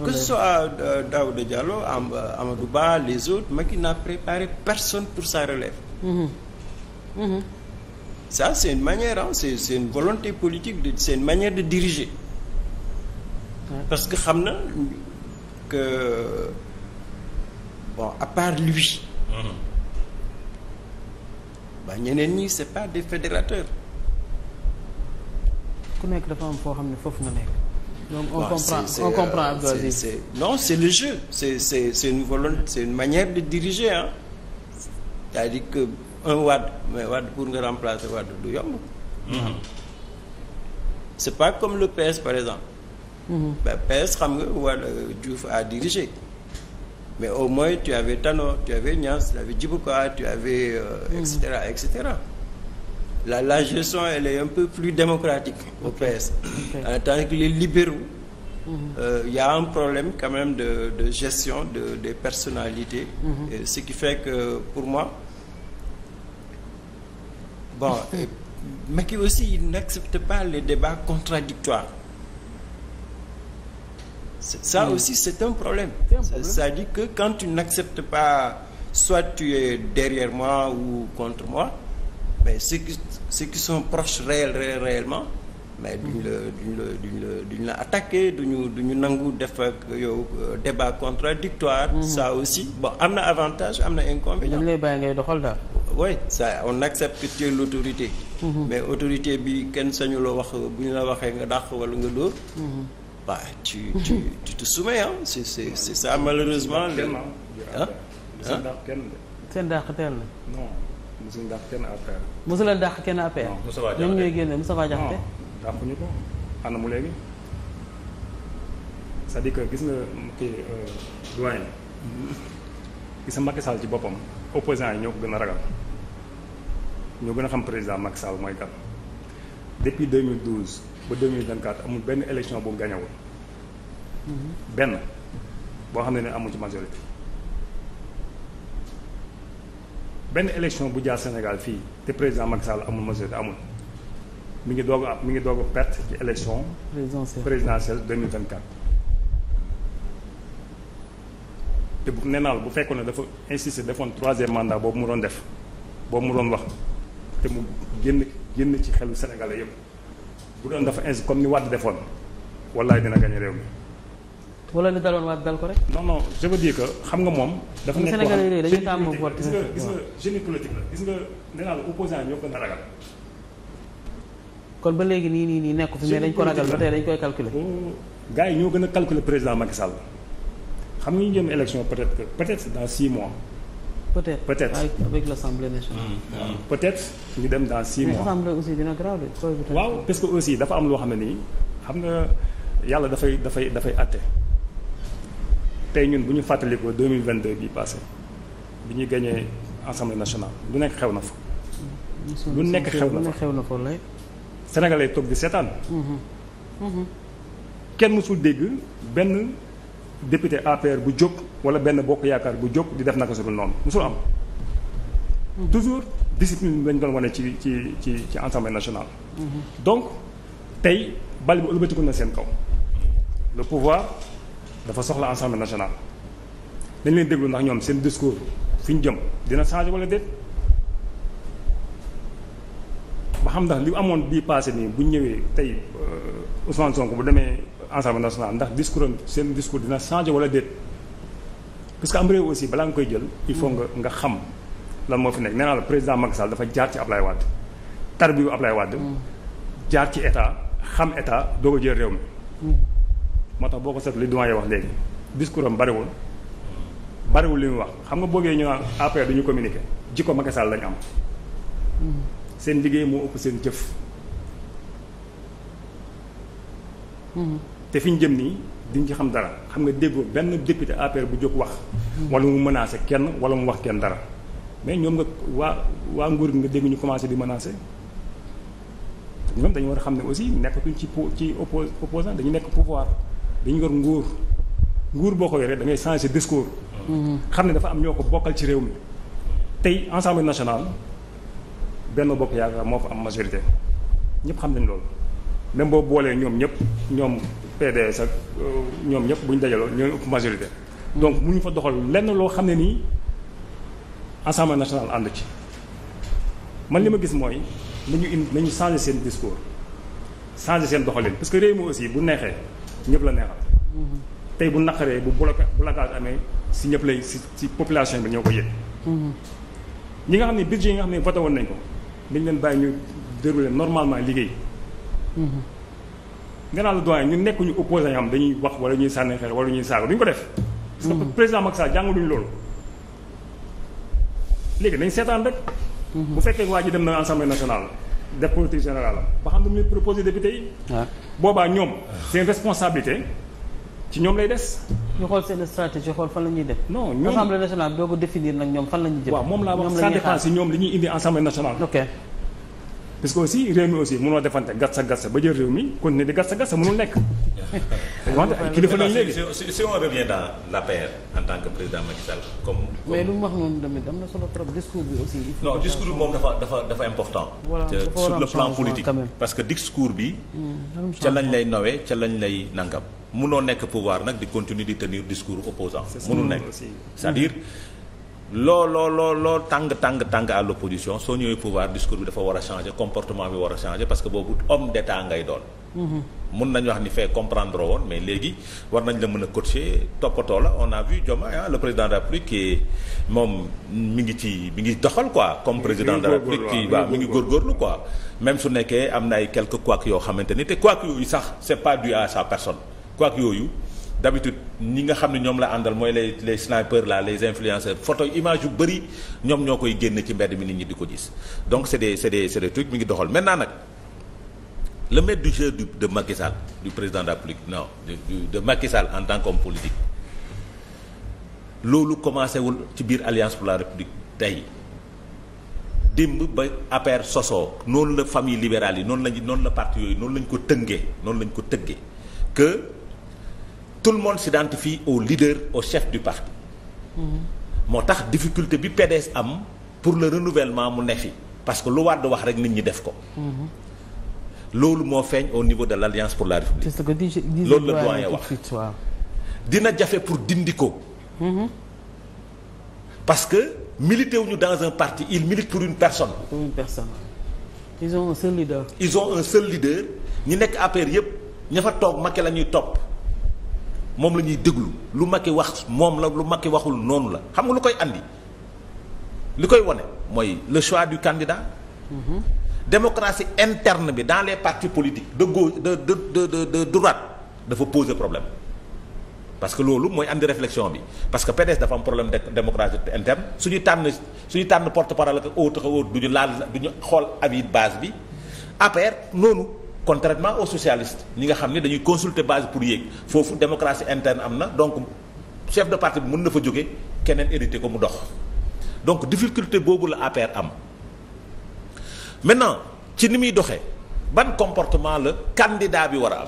Que soit euh, Daoud Diallo, euh, Amadouba, les autres, mais préparé personne pour sa relève. Mmh. Mmh. Ça, c'est une manière, c'est une volonté politique, c'est une manière de diriger. Parce que Khamna, que, bon, à part lui, mm-hmm. ba ñeneen ñi c'est pa des fédérateurs. ku nekk dafa am foo xam ne foofu nga nekk. donc on bon, comprend on comprend euh, Abdou Aziz non c'est le jeu c'est c'est c'est une volonté c'est une manière de diriger ah. c'est-à-dire que un Wade mais Wade pour nga remplacer Wade du yomb. Mm-hmm. c'est pa comme le PS par exemple. Mm -hmm. ben PS xam nga Wade euh, Diouf a dirigé. mais au moins tu avais Tanor tu avais Niass tu avais Djiboka tu avais. Euh, et cetera la la gestion elle est un peu plus démocratique au PS. en tant que les libéraux. il mhm. euh, y a un problème quand même de de gestion de des personnalités. Mhm. Et ce qui fait que pour moi bon Macky aussi il n'accepte pas les débats contradictoires. ça hmm. aussi c'est un problème c'est-à-dire que quand tu n'acceptes pas soit tu es derrière moi ou contre moi mais ceux qui ceux qui sont proches réel réel réellement mais duñu la duñu la duñu la duñu la attaqué du ñu nangu def ak yow euh, débat contradictoire hmm. ça aussi bon am na avantage am na inconvénient dañ lay ngay doxal daal oui ça on accepte que tu es l'autorité hmm. mais autorité bi kenn sañu wax bu ñu la waxee nga dàq walla nga dóor bah, ci tu, tu te soumets, hein. C'est, c'est, c'est ça, kenn ah seen dàq teel na. non mosul dàq kenn APR. mosul la dàq kenn APR. non Moustapha Diakhaté ñoom ñooy génne Moustapha Diakhaté. non dàquñu ko ànd mu léegi cest à que gis nga kii euh, doyen gis nga Macky Sall ci boppam opposants yi ñoo ko gën a ragal ñoo gën a xam président Macky Sall mooy kan depuis 2012. ba 2024 amul benn élection bu gañawul benn boo xam ne ne amul ci majorité benn élection bu jaar Sénégal fii te président Macky Sall amul majorité amul mu ngi doog a mu ngi doog a perte ci élection présidentielle 2024 te bu nee naa bu fekkoon ne dafa insister defoon troisième mandat boobu mu doon def boobu mu doon wax te mu génn génn ci xelu Sénégalais yëpp bu dafa ins comme ni Wade defoon wallaay dina gañ réew mi. wala li daloon Wade dal ko rek. non non je veux dire que xam nga moom. dafa nekk wax Sénégalais dañuy tàmm vote gis nga gis nga génie politique la a ragal. kon ba léegi nii nii nii nekku fi mais dañ ko ragal ba tey dañ koy calculer. gars yi ñoo gën a calculer président Macky Sall xam nga ñu jëm élection peut-être que peut-être dans six mois. peut-être peut-être avec, mm, mm. Ah. peut-être ñu dem dans six mais mois. aussi dina grave waaw parce que aussi dafa am loo xam ne nii xam nga yàlla dafay dafay dafay àtte tey ñun bu ñu fàttalikoo deux mille vingt deux bii passé bi ñu gagné Assemblée nationale lu nekk xew na fa. Mm-hmm. lu nekk xew na fa lu nekk na fa Sénégalais toog di seetaan. Mm-hmm. Mm-hmm. kenn mësul dégg benn député APR bu jóg. wala benn bokk yaakaar bu jóg di def naka su dul noonu musul am hmm. toujours discipline lañ doon wane ci ci ci ci Assemblée nationale hmm. donc tey bal bi ëlbatiku na seen kaw le pouvoir dafa soxla Assemblée national dañ leen déglu ndax ñoom seen discours fi ñu jëm dina changer wala déet ba xam ndax li amoon bii passé nii bu ñëwee tey euh, Ousmane Sonko bu demee Assemblée national ndax discours am seen discours dina changer wala déet parce que am réew aussi balaa nga koy jël il faut nga nga xam lan moo fi nekk nee la président Macky Sall dafa jaar ci Ablaye Wade tarbiyu Ablaye Wade mm. jaar ci état xam état doo ko jël réew mi mm. moo tax boo ko seet li doyen wax léegi discours am bariwul bariwul li mu wax xam nga boogee ñu naan APR du ñu communiqué jikko Macky Sall lañ am mm. seen liggéey moo ëpp seen jëf te fi ñu jëm nii diñ ci xam dara xam nga déggoo benn député APR bu jóg wax. wala mu menacé kenn wala mu wax kenn dara mais ñoom nga waa waa nguur gi nga dégg ñu commencé di menacé. ñoom dañu war a xam ne aussi nekkatuñ ci po ci oppo opposant dañu nekk pouvoir dañu yor nguur nguur boo ko yore da ngay changer discours. Mm-hmm. xam ne dafa am ñoo ko bokkal ci réew mi. tey Assemblée national benn bokk yaakaar moo fa am majorité ñëpp xam nañ loolu même boo boolee ñoom ñëpp ñoom PDS ak euh, ñoom ñëpp bu ñu dajaloo ñoo majorité. donc mu ñu fa doxal lenn loo xam ne nii assemblée nationale ànd ci man li ma gis mooy nañu indi nañu changer seen discours changer seen doxalin parce que réew mi aussi bu neexee ñëpp la neexal. Mm-hmm. tey bu naqaree bu bloca blocage amee si ñëpp lay si si population bi ñoo ko yëg. Mm-hmm. ñi nga xam ne budget yi nga xam ne voté woon nañ ko dañ leen bàyyi ñu dérouler normalement liggéey. Mm-hmm. nga naan la doyen ñun nekkuñu opposant yoo xam dañuy wax wala ñuy sànni xeer wala ñuy saaga duñ ko def. parce que président Macky Sall jàngaluñu loolu. léegi dañ seetaan rek. bu fekkee waa ji dem na assemblée nationale def général générale ba xam ne muy proposé député yi. waaw ah. boobaa ñoom seen responsabilité ci ñoom lay des. ñu xool seen stratégie xool fan la ñuy def. ñoom assemblée nationale doo ko définir nag ñoom fan la ñuy jëm. moom laa wax sans dépense yi ñoom indi assemblée nationale. ok parce que aussi réew mi aussi mënoo defante gatsa gatsa ba jël réew mi continuer di gatsa gatsa mënul nekk. wante nekk lañ léegi si si on revient dans l'APR tant que président Macky Sall comme. mais lu mu wax discours bi moom dafa dafa dafa important. sur le plan politique parce que discours bi. Hmm, ca lañ lay nawee ca lañ lay nangam. mënoo nekk pouvoir nag di continuer di tenir discours opposant mënul nekk hmm, c'est-à-dire. Hmm. loo loo loo tàng tàng tàng tàng à l'opposition soo ñëwee pouvoir discours bi dafa war a changer comportement bi war a changer parce que boobu homme d'état ngay doon. Mm-hmm. mun nañu wax ni fee comprendre woon mais léegi war nañ la mën a coacher toppatoo la on a vu Diomaye ah le président de la République moom mu ngi ci mi ngi doxal quoi. comme président de la République ci waaw mi ngi góorgóorlu quoi. même su nekkee am na ay quelques couacs yoo xamante ni te couacs yooyu sax c'est pas dû personne couacs yooyu. d'habitude ñi nga xam ne ñoom la àndal mooy les les snipers là les influenceurs photo image yu bëri ñoom ñoo koy génn ci mbedd mi nit ñi di ko gis donc c'est des c'est des c'est des trucs ngi doxal maintenant nag le maître du jeu du de Macky du président de la République non de Macky en tant qu'homme politique loolu commencé wul ci biir alliance pour la République tey démb ba APR sosoo noonu la famille libéral yi noonu lañ noonu la parti yooyu noonu lañ ko tëngee noonu lañ ko tëggee tout le monde s'identifie au leader au chef du parti. moo tax difficulté bi PDS am pour le renouvellement mu ne fi parce que lu Wade wax rek nit ñi def ko. loolu moo feeñ au niveau de l' alliance pour la république. c'est ce que dis loolu la doyen wax dina jafe pour dindi ko. parce que milité wuñu dans un parti ils militent pour une personne. pour une personne ils ont un seul leader. ils ont un seul leader ñi nekk APR yëpp ña fa toog ma la ñuy topp. moom la ñuy déglu lu Macky wax moom la lu ki waxul noonu la xam nga lu koy andi li koy wane mooy le choix du candidat. Mmh. démocratie interne bi dans les partis politiques de gauche de de de de de droite dafa poser problème parce que loolu mooy indi réflexion bi parce que PDS dafa am problème de démocratie interne su ñu tànn su ñu tànn porte-parole ak haute haute du ñu laal du ñu xool avis base bi APR noonu. contrairement aux socialistes ñi nga xam ne dañuy consulte base pour yéeg foofu démocratie interne am na donc chef de parti bi mën na fa jóge keneen érité ko mu dox donc difficulté boobu la APR am maintenant ci ni muy doxee ban comportement la candidat bi war a am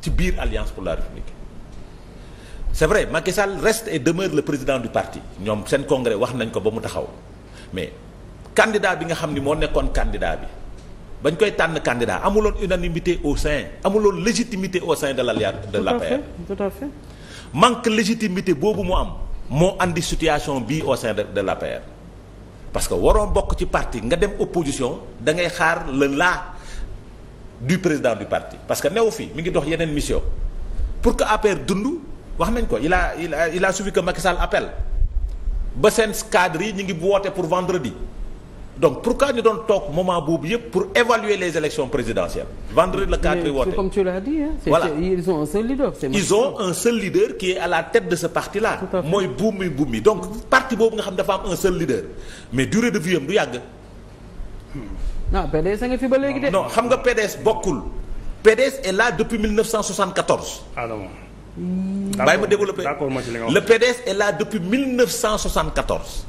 ci biir alliance pour la république c'est vrai Macky Sall reste et demeure le président du parti ñoom seen congrès wax nañ ko ba mu taxaw mais candidat bi nga xam ni moo nekkoon candidat bi bañ koy tànn candidat amuloon unanimité au sein amuloon légitimité au sein de l'alliance de l'APR tout à fait manque légitimité boobu mu am moo indi situation bii au sein de de l'APR parce que waroo bokk ci parti nga dem opposition da ngay xaar le la du président du parti parce que newu fii mi ngi dox yeneen mission pour que APR dund wax nañ ko il a il a il a suffi que ba seen cadre yi ñu ngi woote pour vendredi donc pourquoi ñu doon toog moment boobu yëpp pour évaluer les élections présidentielles. vendredi le 4 woote comme tu l'as dit hein. voilà ils ont un seul leader. ils ont un seul leader qui est à la tête de ce parti là. mooy buumi buumi donc parti boobu nga xam dafa am un seul leader mais durée de vie am du yàgg. non PDS a ngi fi ba léegi de. non xam nga PDS bokkul PDS est là depuis 1974. alors ah, hmm. bàyyi ma développé le PDS est là depuis 1974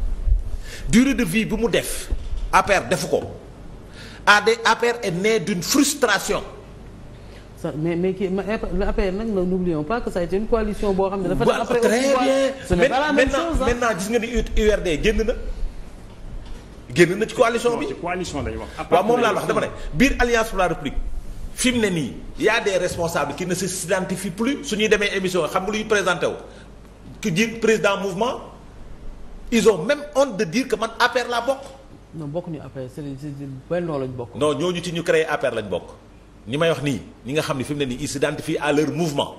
de vie bi mu def. APR defu ko AD APR et né d'une frustration. ça mais mais kii APR nag n'oublions pas que ça a boo xam ne dafa def après très bien ce n'est pas la même chose maintenant gis nga ni URD génn na. génn na ci coalition bi coalition lañu wax. waaw moom laa wax dama ne biir alliance pour la république fi ne nii y a des responsables qui ne s'identifient plus su ñuy demee émission xam nga luy présenté wu. ki ji président mouvement ils ont même honte de dire que man APR laa bokk. non bokkuñu APR c' bokk. noo ñooñu ci ñu créé APR lañ bokk ñi may wax nii ñi nga xam ne fi mu ne nii ils s' identifient à leur mouvement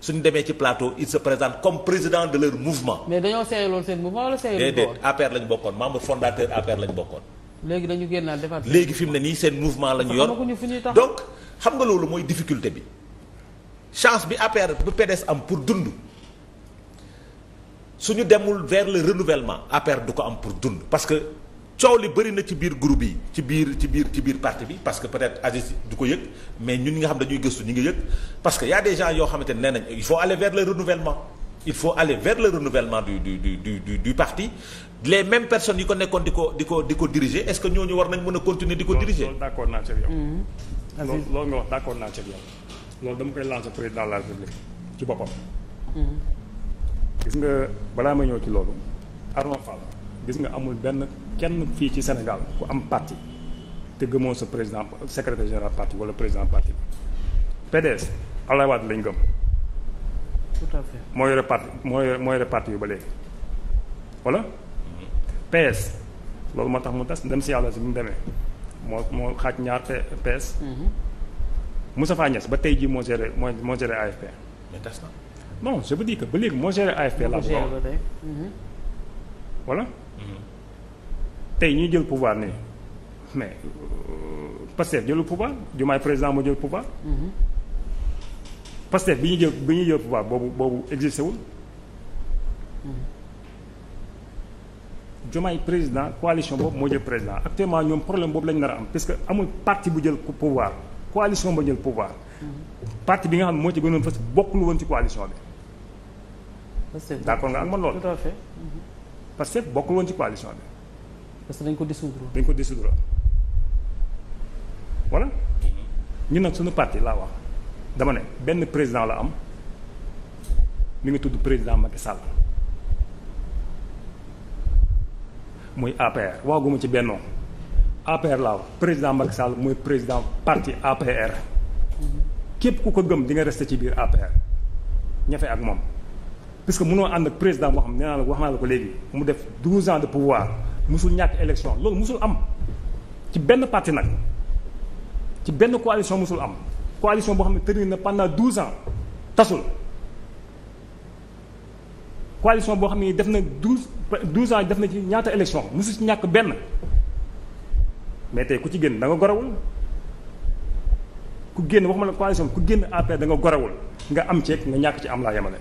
suñu demee ci plateau ils se présentent comme président de leur mouvement. mais dañoo seeyaloon seen mouvement wala seeyaluñu déedéet APR lañ bokkoon membre fondateur APR lañ bokkoon. léegi dañu génnaat defaat. léegi fi mu ne nii seen mouvement lañu yor donc xam nga loolu mooy difficulté bi chance bi APR bu PDS am pour dund. demul vers le renouvellement APR du ko am pour dund parce que coow li bëri na ci biir group yi ci biir ci biir ci biir parti bi parce que peut-être Aziz du ko yëg mais ñun nga xam dañuy gëstu ñu ngi yëg parce que y a des gens yoo xamante ne nañ il faut aller vers le renouvellement il faut aller vers le renouvellement du du du du les mêmes personnes yi ko nekkoon di ko di ko di ko diriger est-ce que ñooñu war nañ mën a continuer di ko diriger. loolu d'accord naa ci yow. Mhm. loolu nga wax d'accord naa ci yow loolu dama koy lancer président de la ci boppam. Mhm. gis nga balaa ma ñëw ci loolu Arma Fall. gis nga amul benn kenn fii ci Sénégal ku am parti te gëmoo sa président secrétaire général parti wala président parti PDS Abdoulaye Wade lañ gëm. tout moo yore parti moo yore moo parti yu ba léegi wala PS loolu moo tax mu tas dem si yàlla si mu demee moo moo xaaj ñaar PS. Mhm. Moustapha Niasse ba tey jii moo géré moo moo géré AFP. mais tas na ba léegi moo géré AFP. laa bëgg a wax tey ñuy jël pouvoir nii mais euh, Pastef jëlul pouvoir Diomaye président moo jël pouvoir. Pastef bi ñu jël bi ñuy jël pouvoir boobu boobu existé wul. Diomaye président coalition boobu moo jël président actuellement ñoom problème boobu lañu nar am parce que amul parti bu jël pouvoir coalition ba jël pouvoir. parti bi nga xam ne moo ci gënoon bokk bokkul woon ci coalition bi. Pastef d'accord nga ak man loolu. tout à fait. woon ci coalition bi. parce que dañ ko dissoudre. dañ ko dissoudre voilà nag suñu parti laa wax dama ne benn président la am mi ngi tudd président Macky Sall muy APR waxaguma ci bennoo APR laa président Macky Sall mooy président parti APR képp ku ko gëm di nga resté ci biir APR ñafe ak moom. parce que mënoo ànd président boo am ne nee naa la wax naa la ko léegi mu def douze ans de pouvoir. musul ñàkk élection loolu musul am ci benn parti nag ci benn coalition musul am coalition boo xam ne tëri na pendant douze ans tasul coalition boo xam ne def na douze douze ans def na ci ñaata élection musul ci ñàkk benn mais tey ku ci génn da nga ku génn waxuma la coalition ku génn APR da nga gorawul nga am ceeg nga ñàkk ci am laa yemale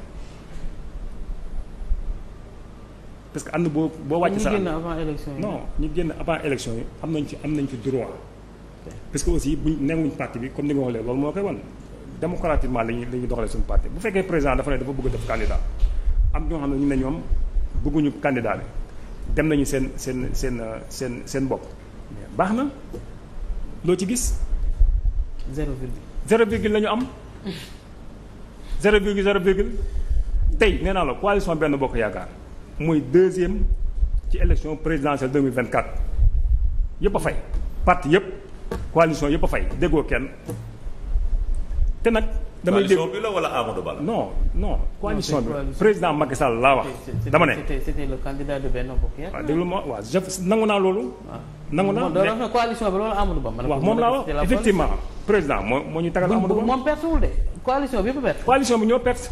parce que ànd boo boo wàcc sa ànd non ñu génn avant élection yi am nañ ci am nañ ci droit parce que aussi buñ newuñ parti bi comme ni nga wax léegi moo koy wan démocratiquement lañu la ñuy doxalee suñu parti bu fekkee président dafa ne dafa bëgg def candidat am ñoo xam ne ñu ne ñoom bëgguñu candidat bi dem nañu seen seen seen seen seen bopp baax na loo ci gis zéro virgule zéro virgule la ñu am zéro virgule zéro virgule tey nee naa la coalition benn bokk yaakaar mooy deuxième ci élection présidentielle 2024 yëpp a fay parti yëpp coalition yëpp a fay déggoo kenn te nag damay dégg coalition bi la wala Amadou Ba la. non non coalition bi président Macky laa wax. dama ne c'était c'était le candidat de Benno Bokk Yaakaar. waaw ma waaw je nangu naa loolu. Ah. nangu naa mais moom la wala Amadou Ba. laa wax effectivement président moo moo ñu tagal Amadou Ba. moom pertewul de coalition bi a perte. ñoo perte.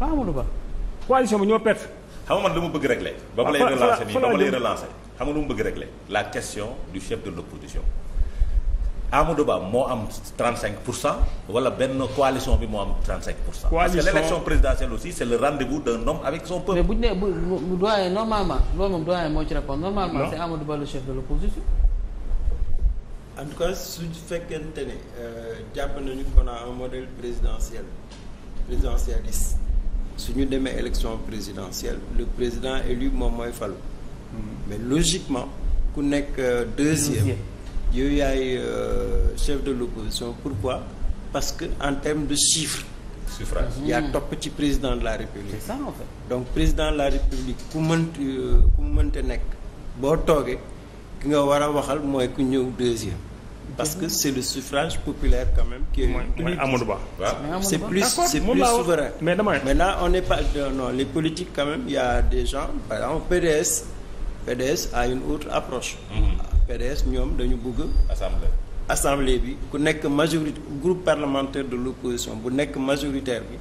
waaw bi ñoo perte. xam nga man lu ma bëgg régler ba ma lay relancer nii ba ma lay relancer xam lu ma bëgg régler la question du chef de l'opposition Amadou Ba moo am cinq pour cent wala benn coalition bi moo am 35 pour cent. parce que l'élection présidentielle aussi c'est le rendez-vous d'un homme avec son peuple. mais bu ñu nee bu bu doyen normalement loolu moom doyen moo ci répondre normalement. non c'est Amadou Ba le chef de l'opposition. en tout cas su fekkente euh, su ñu demee élection présidentielle le président élu moom mooy fal hmm. mais logiquement ku nekk euh, deuxième yow yaay euh, chef de l'opposition pourquoi parce que en terme de chiffres suffrage yaa hmm. topp ci président de la république c'est ça donc président de la république ku mënti euh, ku mënte nekk boo toogee ki nga war a waxal mooy ku ñëw deuxième parce mhm. que c'est le suffrage populaire quand même. qui est mooy Amadou Ba. c'est plus c'est plus souverain. mais dama maintenant on pas euh, non les politiques quand même il y a des gens par exemple PDS PDS a une autre approche. Mhm. PDS ñoom dañu bëgg. assemblée assemblée bi ku nekk majorite groupe parlementaire de l'opposition bu nekk majoritaire bi.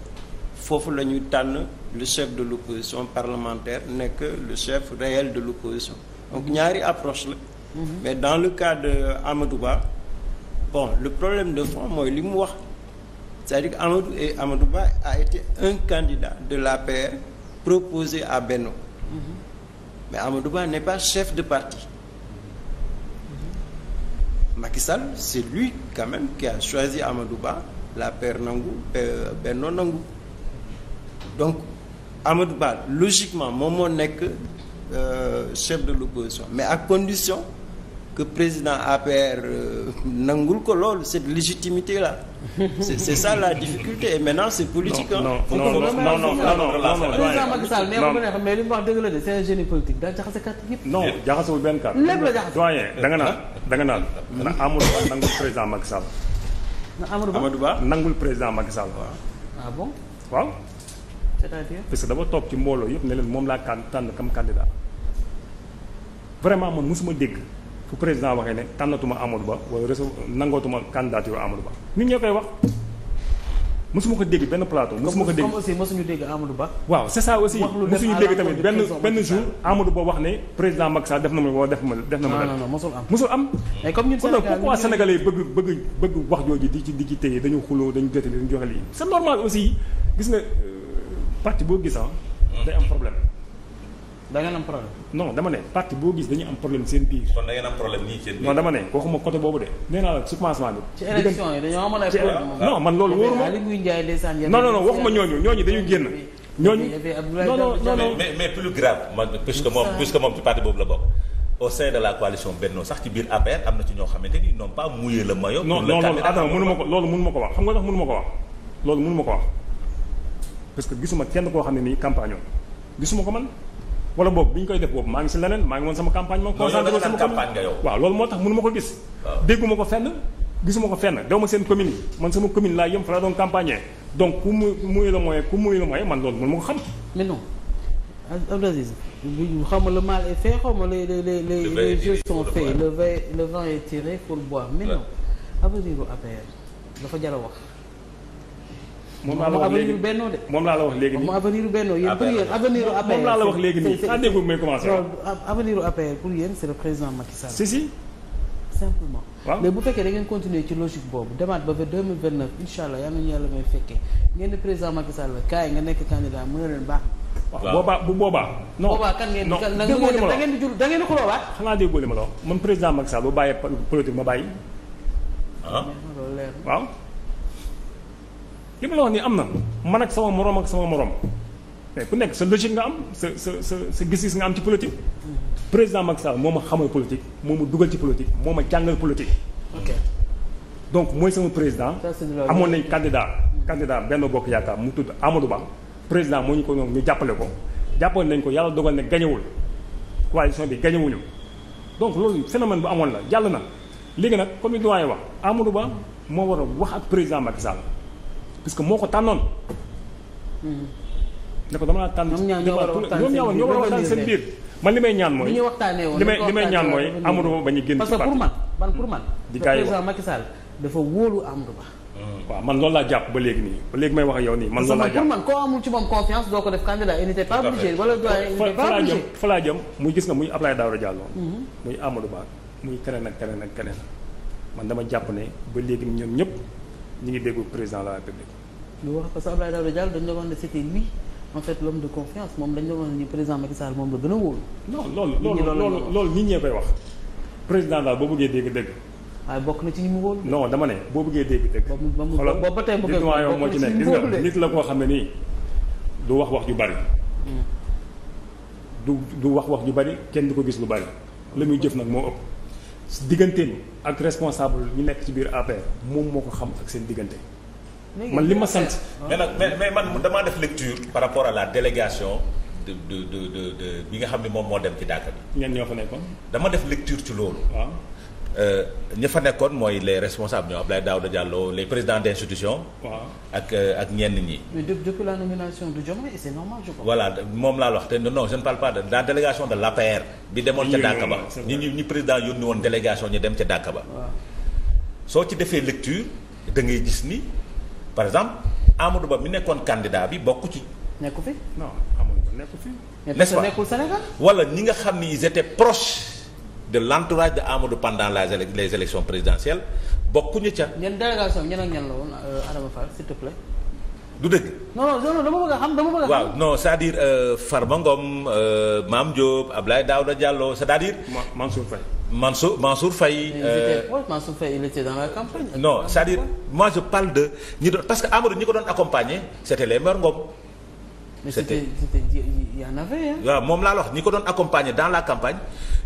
foofu la ñuy tànn le chef de l'opposition parlementaire nekk le chef réel de l'opposition donc mhm. ñaari approche la mais dans le cas de bon le problème de fond mooy li mu wax c'est-à-dire que Amadou et Ba a été un candidat de l'APR proposé à Benno mm mais Amadou Ba n'est pas chef de parti mm -hmm. Macky Sall c'est lui quand même qui a choisi Amadou Ba l'APR nangu euh, Benno nangu donc Amadou Ba logiquement moom moo nekk euh, chef de l'opposition mais à condition que président APR euh, nangul ko loolu cette légitimité là c'est c'est ça la difficulté et maintenant c'est politique ah. non non non non non non président Macky Sall nee ko neex mais li mu wax dëgg la de c'est un génie politique daa jaxase carte yëpp. non jaxasewul benn carte. lépp la jaxase doyen da nga naan da nga naan. na Amadou Ba nangul président Macky Sall. na Amadou Ba nangul président Macky Sall. ah bon waaw. c'est-à-dire parce que dafa toog ci mbooloo yëpp ne leen moom laa tànn comme candidat vraiment man mosuma dégg. fu président waxee ne tànnatuma Amadou Ba wala recev nangootuma candidature Amadou Ba nit ñoo koy wax mosuma ko dégg benn plateau. mosuma ko dégg comme aussi mosuñu dégg Amadou Ba. waaw c'est ça aussi mosuñu dégg tamit benn benn jour Amadou Ba wax ne président Macky Sall def na ma wala def ma def na ma. non non mosul am mosul am. mais comme ñun Sénégal pourquoi sénégalais yi bëgg bëgg bëgg wax jooju di ci di ci téye dañu xuloo dañu jotali dañu joxe lii c'est normal aussi gis nga euh, parti boo gis ah, hmm. day am problème. da dama ne parti boo gis dañuy am problème seen biir. kon dama ne waxuma côté boobu de nee naa la ci commencement bi. ci man loolu wóoruma non non non waxuma ñooñu ñooñu parti boobu la bokk. au sein de la coalition Benno sax ci biir APR am na ci ñoo xamante ni non pas mouillé ko loolu mënuma ko wax xam nga tax mënuma ko wax. loolu mënuma ko wax parce que gisuma kenn koo xam ne nii campagne gisuma ko man wala boobu bi ñu koy def boobu maa ngi si leneen maa ngi woon sama campagne moom concentré sama campagne nga yow waaw loolu moo tax mënu ma ko gis dégguma ko fenn gisuma ko fenn daw ma seen commune man sama commune laa yëm fa la doon campagne donc ku mu muy la mooy ku muy la mooy man loolu mënu ma ko xam mais non xam nga le mal est fait xaw ma les les les les jeux sont faits le vent le vent est tiré pour boire mais non avenir u dafa jar a wax moom laa la wax léegi bennoo moom laa la wax léegi nii avenir bennoo yéen pour yéen avenir APR moom laa la wax léegi nii xanaa ah, dégg may commencé avenir APR si si simplement waaw mais bu fekkee da ngeen continuer ci logique boobu demaat ba vers 2029 incha allah yal nañu yàlla may fekkee ngeen di président Macky la kaay nga nekk candidat mu ne baax waaw boobaa bu boobaa. non boobaa kan ngeen di da ngeen di jur da ngeen di xuloowaat. xanaa déggoo li ma la wax man président Macky Sall bu bàyyee politique ma ah. waaw. li ma la wax nii am na man ak sama moroom ak sama moroom mais ku nekk sa logique nga am sa sa sa gis-gis nga am ci politique. président Macky Sall moo ma xamal politique moo ma dugal ci politique moo ma jàngal politique. donc mooy sama président. amoon nañ candidat. candidat benn bokk yaakaar mu tudd Amadou Ba président moo ñu ko ñoom ñu jàppale ko jàppale nañ ko yàlla dogal ne gañewul coalition bi gañewuñu donc loolu phénomène amoon la jàll na léegi nag comme ni doyen Ba moo war wax ak président Macky Sall. parce que moo ko tànnoon. Hmm. ne ko dama la tànn. ñoom ñoo war a waxtaan seen biir man li may ñaan mooy. li ñuy waxtaanee woon li may li may ñaan mooy Amadou a génn. parce que pour man man pour man. di gars yi wax dafa wóolu Amadou Ba. Hmm. waaw man loolu laa jàpp ba léegi nii ba léegi may wax yow nii man loolu laa jàpp man koo amul ci moom confiance doo ko def candidat il n'était pas obligé wala doyen il n'était pas obligé fa laa jëm muy gis nga muy Ablaye Daouda Diallo mhm. muy Amadou Ba muy keneen ak keneen ak keneen man dama jàpp ne ba léegi ñoom ñëpp ñu ngi déggu président de la République lu wax parce que Abdoulaye Daouda Diallo dañu doon ne c'était lui en fait l'homme de confiance moom dañu doon ne ni président Macky Sall moom la gën a wóolu. non loolu loolu loolu loolu nit ñee koy wax. président daal boo bëggee dégg-dégg. waaye bokk na ci ñi mu wóolu. non dama ne boo bëggee dégg-dégg. ba mu ba ba tey bëggee moo la koo xam ne nii du wax wax ju bari. Hmm. du du wax wax ju bari kenn du ko gis lu bari. la muy jëf nag moo ëpp. digganteem ak responsable ñu nekk ci biir APR moom moo ko xam ak seen diggante. man li ma sant. Ah. mais nag mais man mu damaa def lecture. par rapport à la délégation. de de bi nga xam ne moom moo dem ci Daaka bi. ñoo fa nekkoon. dama def lecture ci loolu. waaw ah. euh, ña fa nekkoon mooy les responsables ñoo Abdoulaye Daouda Diallo les présidents d' ah. ak euh, ak ñenn ñi. mais depuis la nomination de Diomaye c' est moom laa wax te non je de la délégation demoon ca Daaka ba ñi ñu ñi président yónni woon délégation ñu dem ca Daaka ba. soo ci defee lecture da ngay gis ni. par exemple Amadou Ba mu nekkoon candidat bi bokku ci. nekku fi non Amadou Ba fi. n'est-ce pas nekkul Sénégal. wala ñi nga xam ni ils étaient proches de l'entourage de Amadou pendant la les élections présidentielles bokkuñu ca. ñenn délégation ñan ak ñan la woon euh, Adama Fall s'il te plaît. du dëgg. non non dama bëgg a xam dama bëgg a xam. waaw non c'est-à-dire euh, Farba Ngom euh, Mame Diop Abdoulaye Daouda Diallo c'est-à-dire. Mansour Faye. Mansour Mansour Faye. Euh, Mansour Faye il était dans la campagne. non c'est-à-dire moi de ñi doon parce que Amadou ñi ko doon accompagner c'était les mères Ngom. c'était il y en avait waaw moom laa la wax ñi ko doon accompagner dans la campagne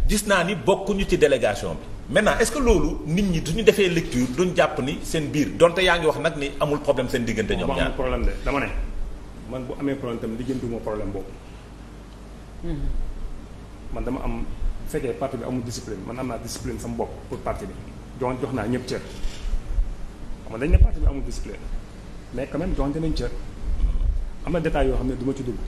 gis naa ni bokkuñu ci délégation bi. maintenant est-ce que loolu nit ñi du ñu defee lecture duñ jàpp ni seen biir donte yaa ngi wax nag ni amul problème seen diggante ñoom ñaar amul problème de dama ne man bu amee problème tam lijjantuma problème boobu mm-hmm. dama am bu fekkee bi amul discipline man am naa discipline sama bopp pour parti bi joxante jox naa ñëpp cër xam nga ne parti bi amul discipline mais quand même joxante nañ cër am na détails yoo xam ne du ci dugg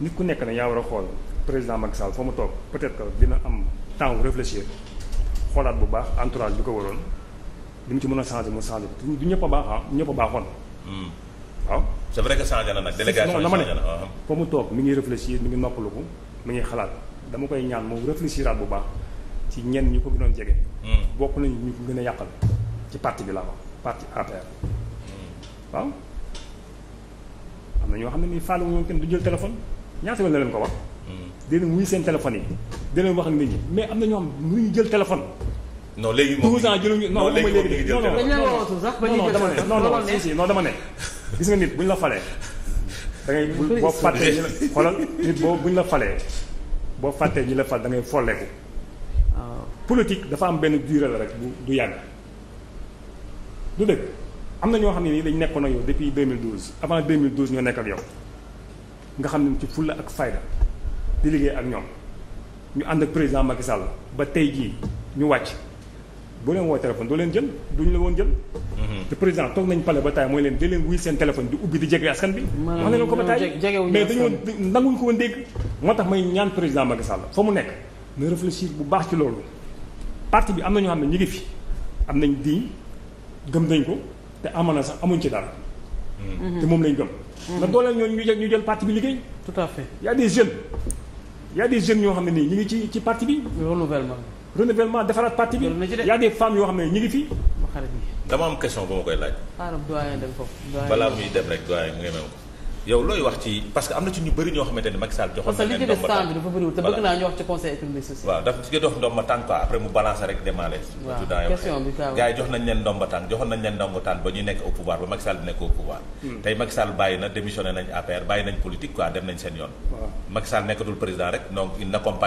nit ku nekk na yaa war a xool président Macky Sall fa mu toog peut-être que dina am temps wu réfléchir xoolaat bu baax entourage bi ko waroon li mu ci mën a changé mu changé ko du ñëpp a baax ah ñëpp a baaxoon. Hmm. waaw. c'est vrai que changé na nag délégation bi changé na fa mu toog mi ngi réfléchir mi ngi noppaliku mi ngi xalaat dama koy ñaan moom mu réfléchiraat bu baax ci ñenn ñu ko gënoon jege. Hmm. bokk nañu ñu ko gën a yàqal ci parti bi laa wax parti APR. Hmm. waaw am na ñoo xam ne nii fàllu moom kenn du jël téléphone ñaata la ko dina wuyu seen téléphone yi dina wax ak nit ñi mais am na ñoo xam nu ñu jël téléphone. non léegi moom 12 ans jëluñu non non non si non ne gis nga bu ñu la falee da ngay boo fàttee ñu la xoolal boo fàttee ñu da ngay folleeku ah. politique dafa am benn durée la rek du yàgg du dëgg na ñoo xam ne nii dañ nekkoon ak yow depuis 2012 avant 2012 ñoo nekk ak yow nga xam ne ci fulla ak fayda di liggéey ak ñoom ñu ànd ak président Macky Sall ba tey jii ñu wàcc boo leen woo téléphone doo leen jël duñu la woon jël. Mhm. te président toog nañu pale ba taay mooy leen di leen wuy seen téléphone di ubbi di jege askan bi. wax nañu ko ba taay mais dañoo nanguñu ko moo tax may ñaan président Macky Sall fa mu nekk na réfléchir bu baax ci loolu parti bi am na ñoo xam ñu ngi fi am nañ di gëm nañ ko te amana sax amuñ ci dara. Mhm. te moom lañ gëm. Mhm. na dooleel ñooñu ñu jël ñu jël parti bi liggéey. tout fait y des jeunes. y a des jeunes yoo xam ne nii ñu ngi ci ci parti bi. renouvellement. renouvellement defaraat parti bi. y a des yoo xam ne ñu ngi fi. dama am question bu ma koy laaj. Ah, balaa muy dem rek doyen mu ngi yow looy wax ci parce que am na ci ñu bëri ñoo xamante ne dafa bëriwul te bëgg naa ñu wax ci conseil économique social waaw daf ci jox ndomba tànk quoi après mu balancer rek démarré waaw question bi gars yi jox nañ leen ndomba tànk joxoon nañ leen ndomba tànk ba ñuy nekk au ba Macky Sall nekk au hmm. tey Macky bàyyi na démissionné nañ APR bàyyi nañ politique quoi dem nañ seen yoon Macky nekkatul président rek noo nekk nekk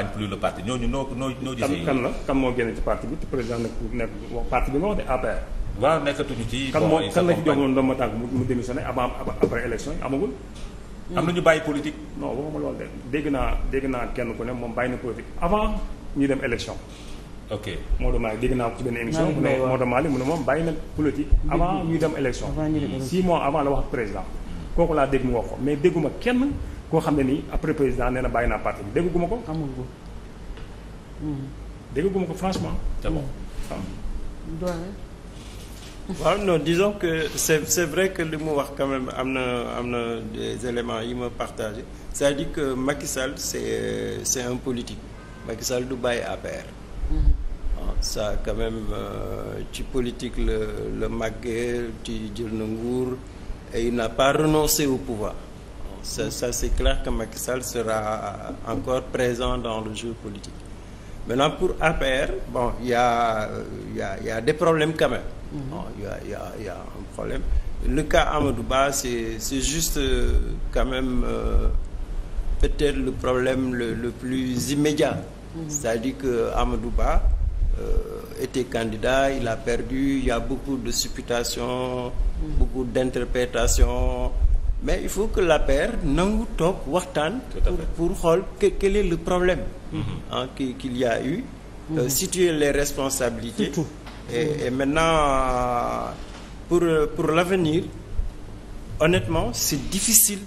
parti bi nga wax waaw nekkatuñu ci. kan moo kan la mu démissionné avant après élection yi amagul. am na ñu bàyyi politique. non waxuma loolu de dégg naa dégg naa kenn ku ne moom bàyyi na politique avant ñu dem élection. ok Maodo Malick dégg naa ko ci benn émission. mu ne Maodo Malick mu ne na politique. avant ñuy dem élection. six mois avant la wax président. kooku laa dégg mu wax ko mais dégguma kenn koo xam ne nii après président nee na bàyyi naa parti bi dégguma ko. amul ko. dégguma ko franchement. d' accord ah. waaw non disons que c'est c'est vrai que li mu wax quand même am na am na des éléments yi ma partagé c'est-à-dire que Macky c'est un politique Macky Sall du bàyyi APR mm-hmm. ah, ça quand même euh, ci politique le la màggee ci jël na nguur et il n'a pas renoncé au pouvoir ça ça c'est clair que Macky sera encore présent dans le jeu politique maintenant pour APR bon il y a il y il y a des problèmes quand même bon mhm. oh, il y a un problème le cas Amadou Ba c'est c'est juste euh, quand même euh, peut-être le problème le le plus immédiat. Mhm. c'est-à-dire que Amadou Ba euh, était candidat il a perdu il y beaucoup de supputations. Mhm. beaucoup d'interprétations. mais il faut que l'APR nangu toog waxtaan pour xool quel est le problème qu'il y a eu euh, situer les responsabilités Et, et maintenant, pour, pour l'avenir, honnêtement, c'est difficile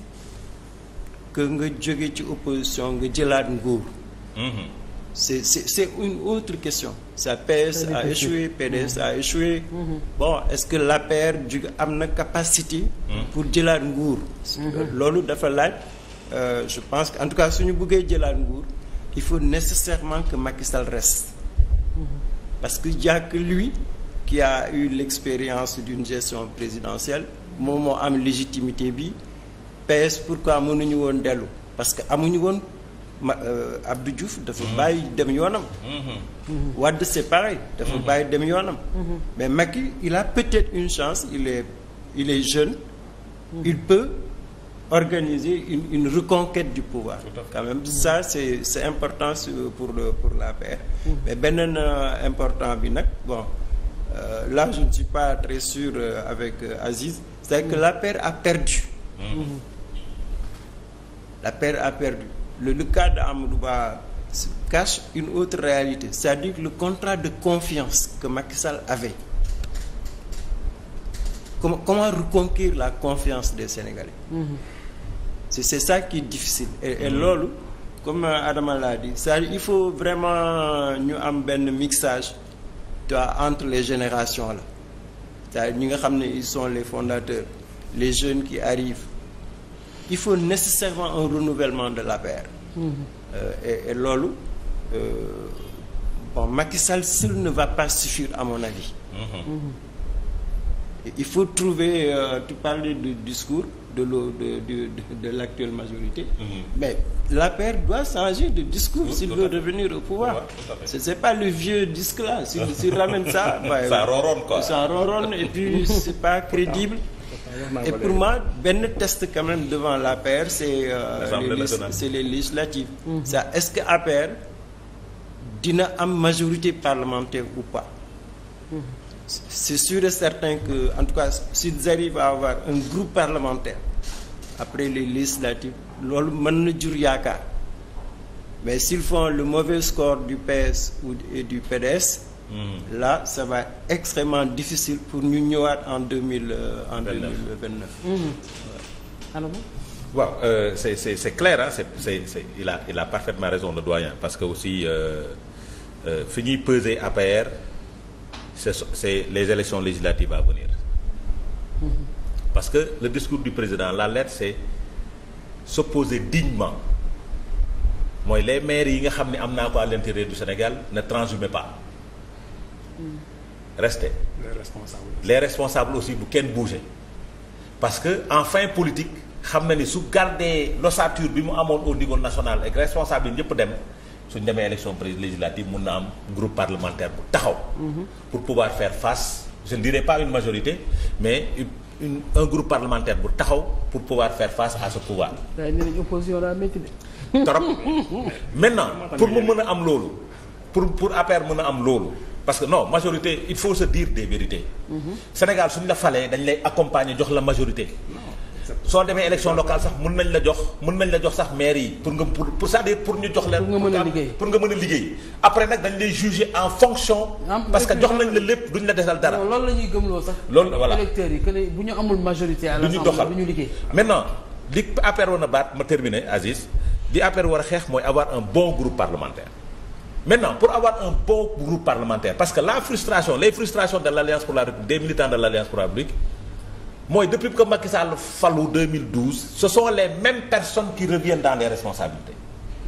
que nga jóge ci opposition nga jëlaat nguur. Mhm. c'est c'est c'est une autre question. sa PS a échoué PDS a mhm. échoué. Mhm. bon est-ce que l'APR ju am na capacité. pour jëlaat nguur. loolu dafa laaj euh, je pense que en tout cas suñu bëggee jëlaat nguur il faut nécessairement que Macky Sall reste. parce que y a que lui qui a eu l'expérience d'une gestion présidentielle moom moo am légitimité bi PS pourquoi mënuñu woon dellu parce que amuñu woon ma euh, Abdou Diouf dafa mm-hmm. bàyyi dem yoonam mm-hmm. Wade c'est pareil dafa mm-hmm. bàyyi dem yoonam mais Macky il a peut-être une chance il est il est jeune il peut organiser une, une reconquête du pouvoir quand même ça c'est c'est important pour le pour l'APR mm. mais beneen euh, important bi nag bon euh, là je ne suis pas très sûr euh, avec euh, Aziz c'est-à-dire que mm. l'APR a perdu mm. mm-hmm. l'APR a perdu le, le cas d'Amadou Ba cache une autre réalité c'est-à-dire le contrat de confiance que Macky Sall avait Comment, comment la confiance des Sénégalais? Mm-hmm. c'est c'est ça qui est difficile et, mm-hmm. loolu comme euh, Adama l'a dit ça il faut vraiment ñu am benn mixage toi entre les générations la c'est-à-dire ñi nga xam ne ils sont les fondateurs les jeunes qui arrivent il faut nécessairement un renouvellement de la paire mm -hmm. euh, et, et loolu euh, bon Macky Sall seul ne va pas suffire à mon avis mm-hmm. il faut trouver euh, tu parlais discours de l'eau de l'actuelle majorité. Mm -hmm. mais l'APR doit changer de discours s'il veut revenir au pouvoir. Ouais, ce c'est pas le vieux disque là s'il ramène ça. Bah, ça ronronne quoi. Ça et puis c'est pas crédible. Et pour moi benn teste quand même devant l'APR c'est euh, c'est les législatives. Mm -hmm. ça est-ce que APR dina am majorité parlementaire ou pas. Mhm. c'est sûr et certain en tout cas s'ils arrivent à avoir après les législatives loolu mën na jur yaakaar mais s'ils font le mauvais score du PS ou du PDS mmh. là ça va être pour ñu ñëwaat en deux mille euh, en deux mille vingt neuf mmh. waaw euh, c'est c'est c'est clair ah a parce que aussi euh, euh, fi ñuy peser APR c'est c'est les élections législatives à venir mm-hmm. parce que le discours du président la lettre c'est s'opposer dignement mooy les maires yi nga xam ne am naa ko à l'intérieur du Sénégal ne transhumez pas mm. restez les responsables les responsables aussi bu kenn bouger parce que en fin politique xam na ni su garder l'ossature bi mu amoon au niveau national ak responsable yi ñëpp dem suñ demee élection présidentielle législative mun na am groupe parlementaire bu taxaw. pour pouvoir faire face je ne dirais pas une majorité mais une groupe parlementaire bu taxaw pour pouvoir faire face à ce pouvoir. waaye nee nañ opposition daa métti de. trop maintenant pour mu mën a am loolu pour pour APR mun a am loolu. parce que non majorité il faut sa dire des vérités. Mhm. Sénégal suñ la falee dañ lay accompagner jox la majorité. soo demee élection locale sax mën nañ la jox mën nañ la jox sax maire yi pour nga pour pour c'est-à-dire pour ñu jox leen. pour nga mën a liggéey pour nga mën a liggéey. après nag dañ lay juger en fonction. parce que jox nañ la lépp duñ la desal dara. loolu la ñuy gëmloo sax. loolu voilà électeurs yi que ne bu ñu amul majorité. à l'Assemblée du ñu liggéey maintenant a baat ma terminer Aziz li APR war a xeex mooy avoir un bon groupe parlementaire. maintenant pour avoir u mooy depuis que Macky Sall falu 2012 ce sont les mêmes personnes qui reviennent dans les responsabilités.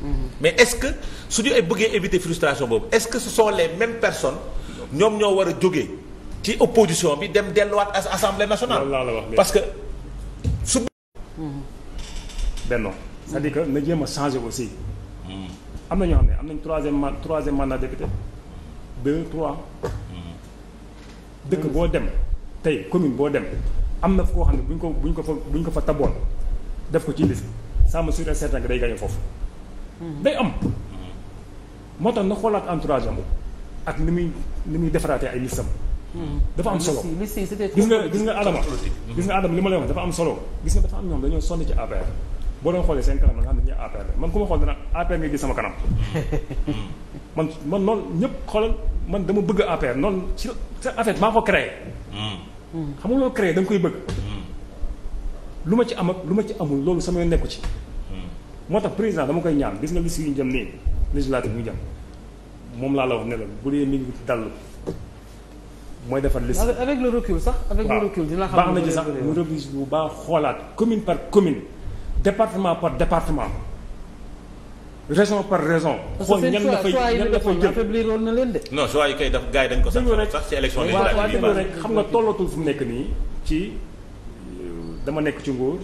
Mmh. mais est-ce que su ñu bëggee éviter frustration boobu est-ce que ce sont les mêmes personnes ñoom ñoo war a jógee ci opposition bi dem delluwaat assemblée nationale. parce que su. Mhm. benno c'est-à-dire que na jéem a changé aussi. Mhm. am na ñoo xam ne am nañ troisième man troisième mandat député deux trois. Mhm. dëkk boo dem tey commune boo dem. am na fu koo xam ne bu ñu ko bu ko fa bu ñu ko fa taboon def ko ci liste ça me sûr et certain day gagné foofu. Hmm. day am. moo tax na xoolaat entourage ak ni muy ni muy defaraatee ay listam hmm. dafa am solo gis nga gis nga Adama. Hmm. gis nga Adama li ma lay wax dafa am solo. gis nga dafa am ñoom dañoo sonn ci APR boo doon xoolee seen kanam nga xam ne ñu APR la man ku ma xool dana APR nga gis sama kanam. man man noonu ñëpp xolal man dama bëgg APR noonu ci en fait maa ko créé. Hmm. xam nga loo créé da koy bëgg. Hmm. lu ma ci am ak lu ma ci amul loolu sama nekku ci. Hmm. moo tax président dama koy ñaan gis nga liste yu ñu jëm nii législative bu ñu moom laa la wax ne la bu dee mi ngi dal mooy defar liste. avec le recul sax. avec le recul dina xam baax na ci sax mu révise bu baax xoolaat commune par commune département par département. raison par raison. xool ñan la fay ñan la na leen de. non choix yi kay daf gars yi dañ ko sax sax ci élection législative yi rek xam nga tollatul fu mu nekk nii ci euh, dama nekk ci nguur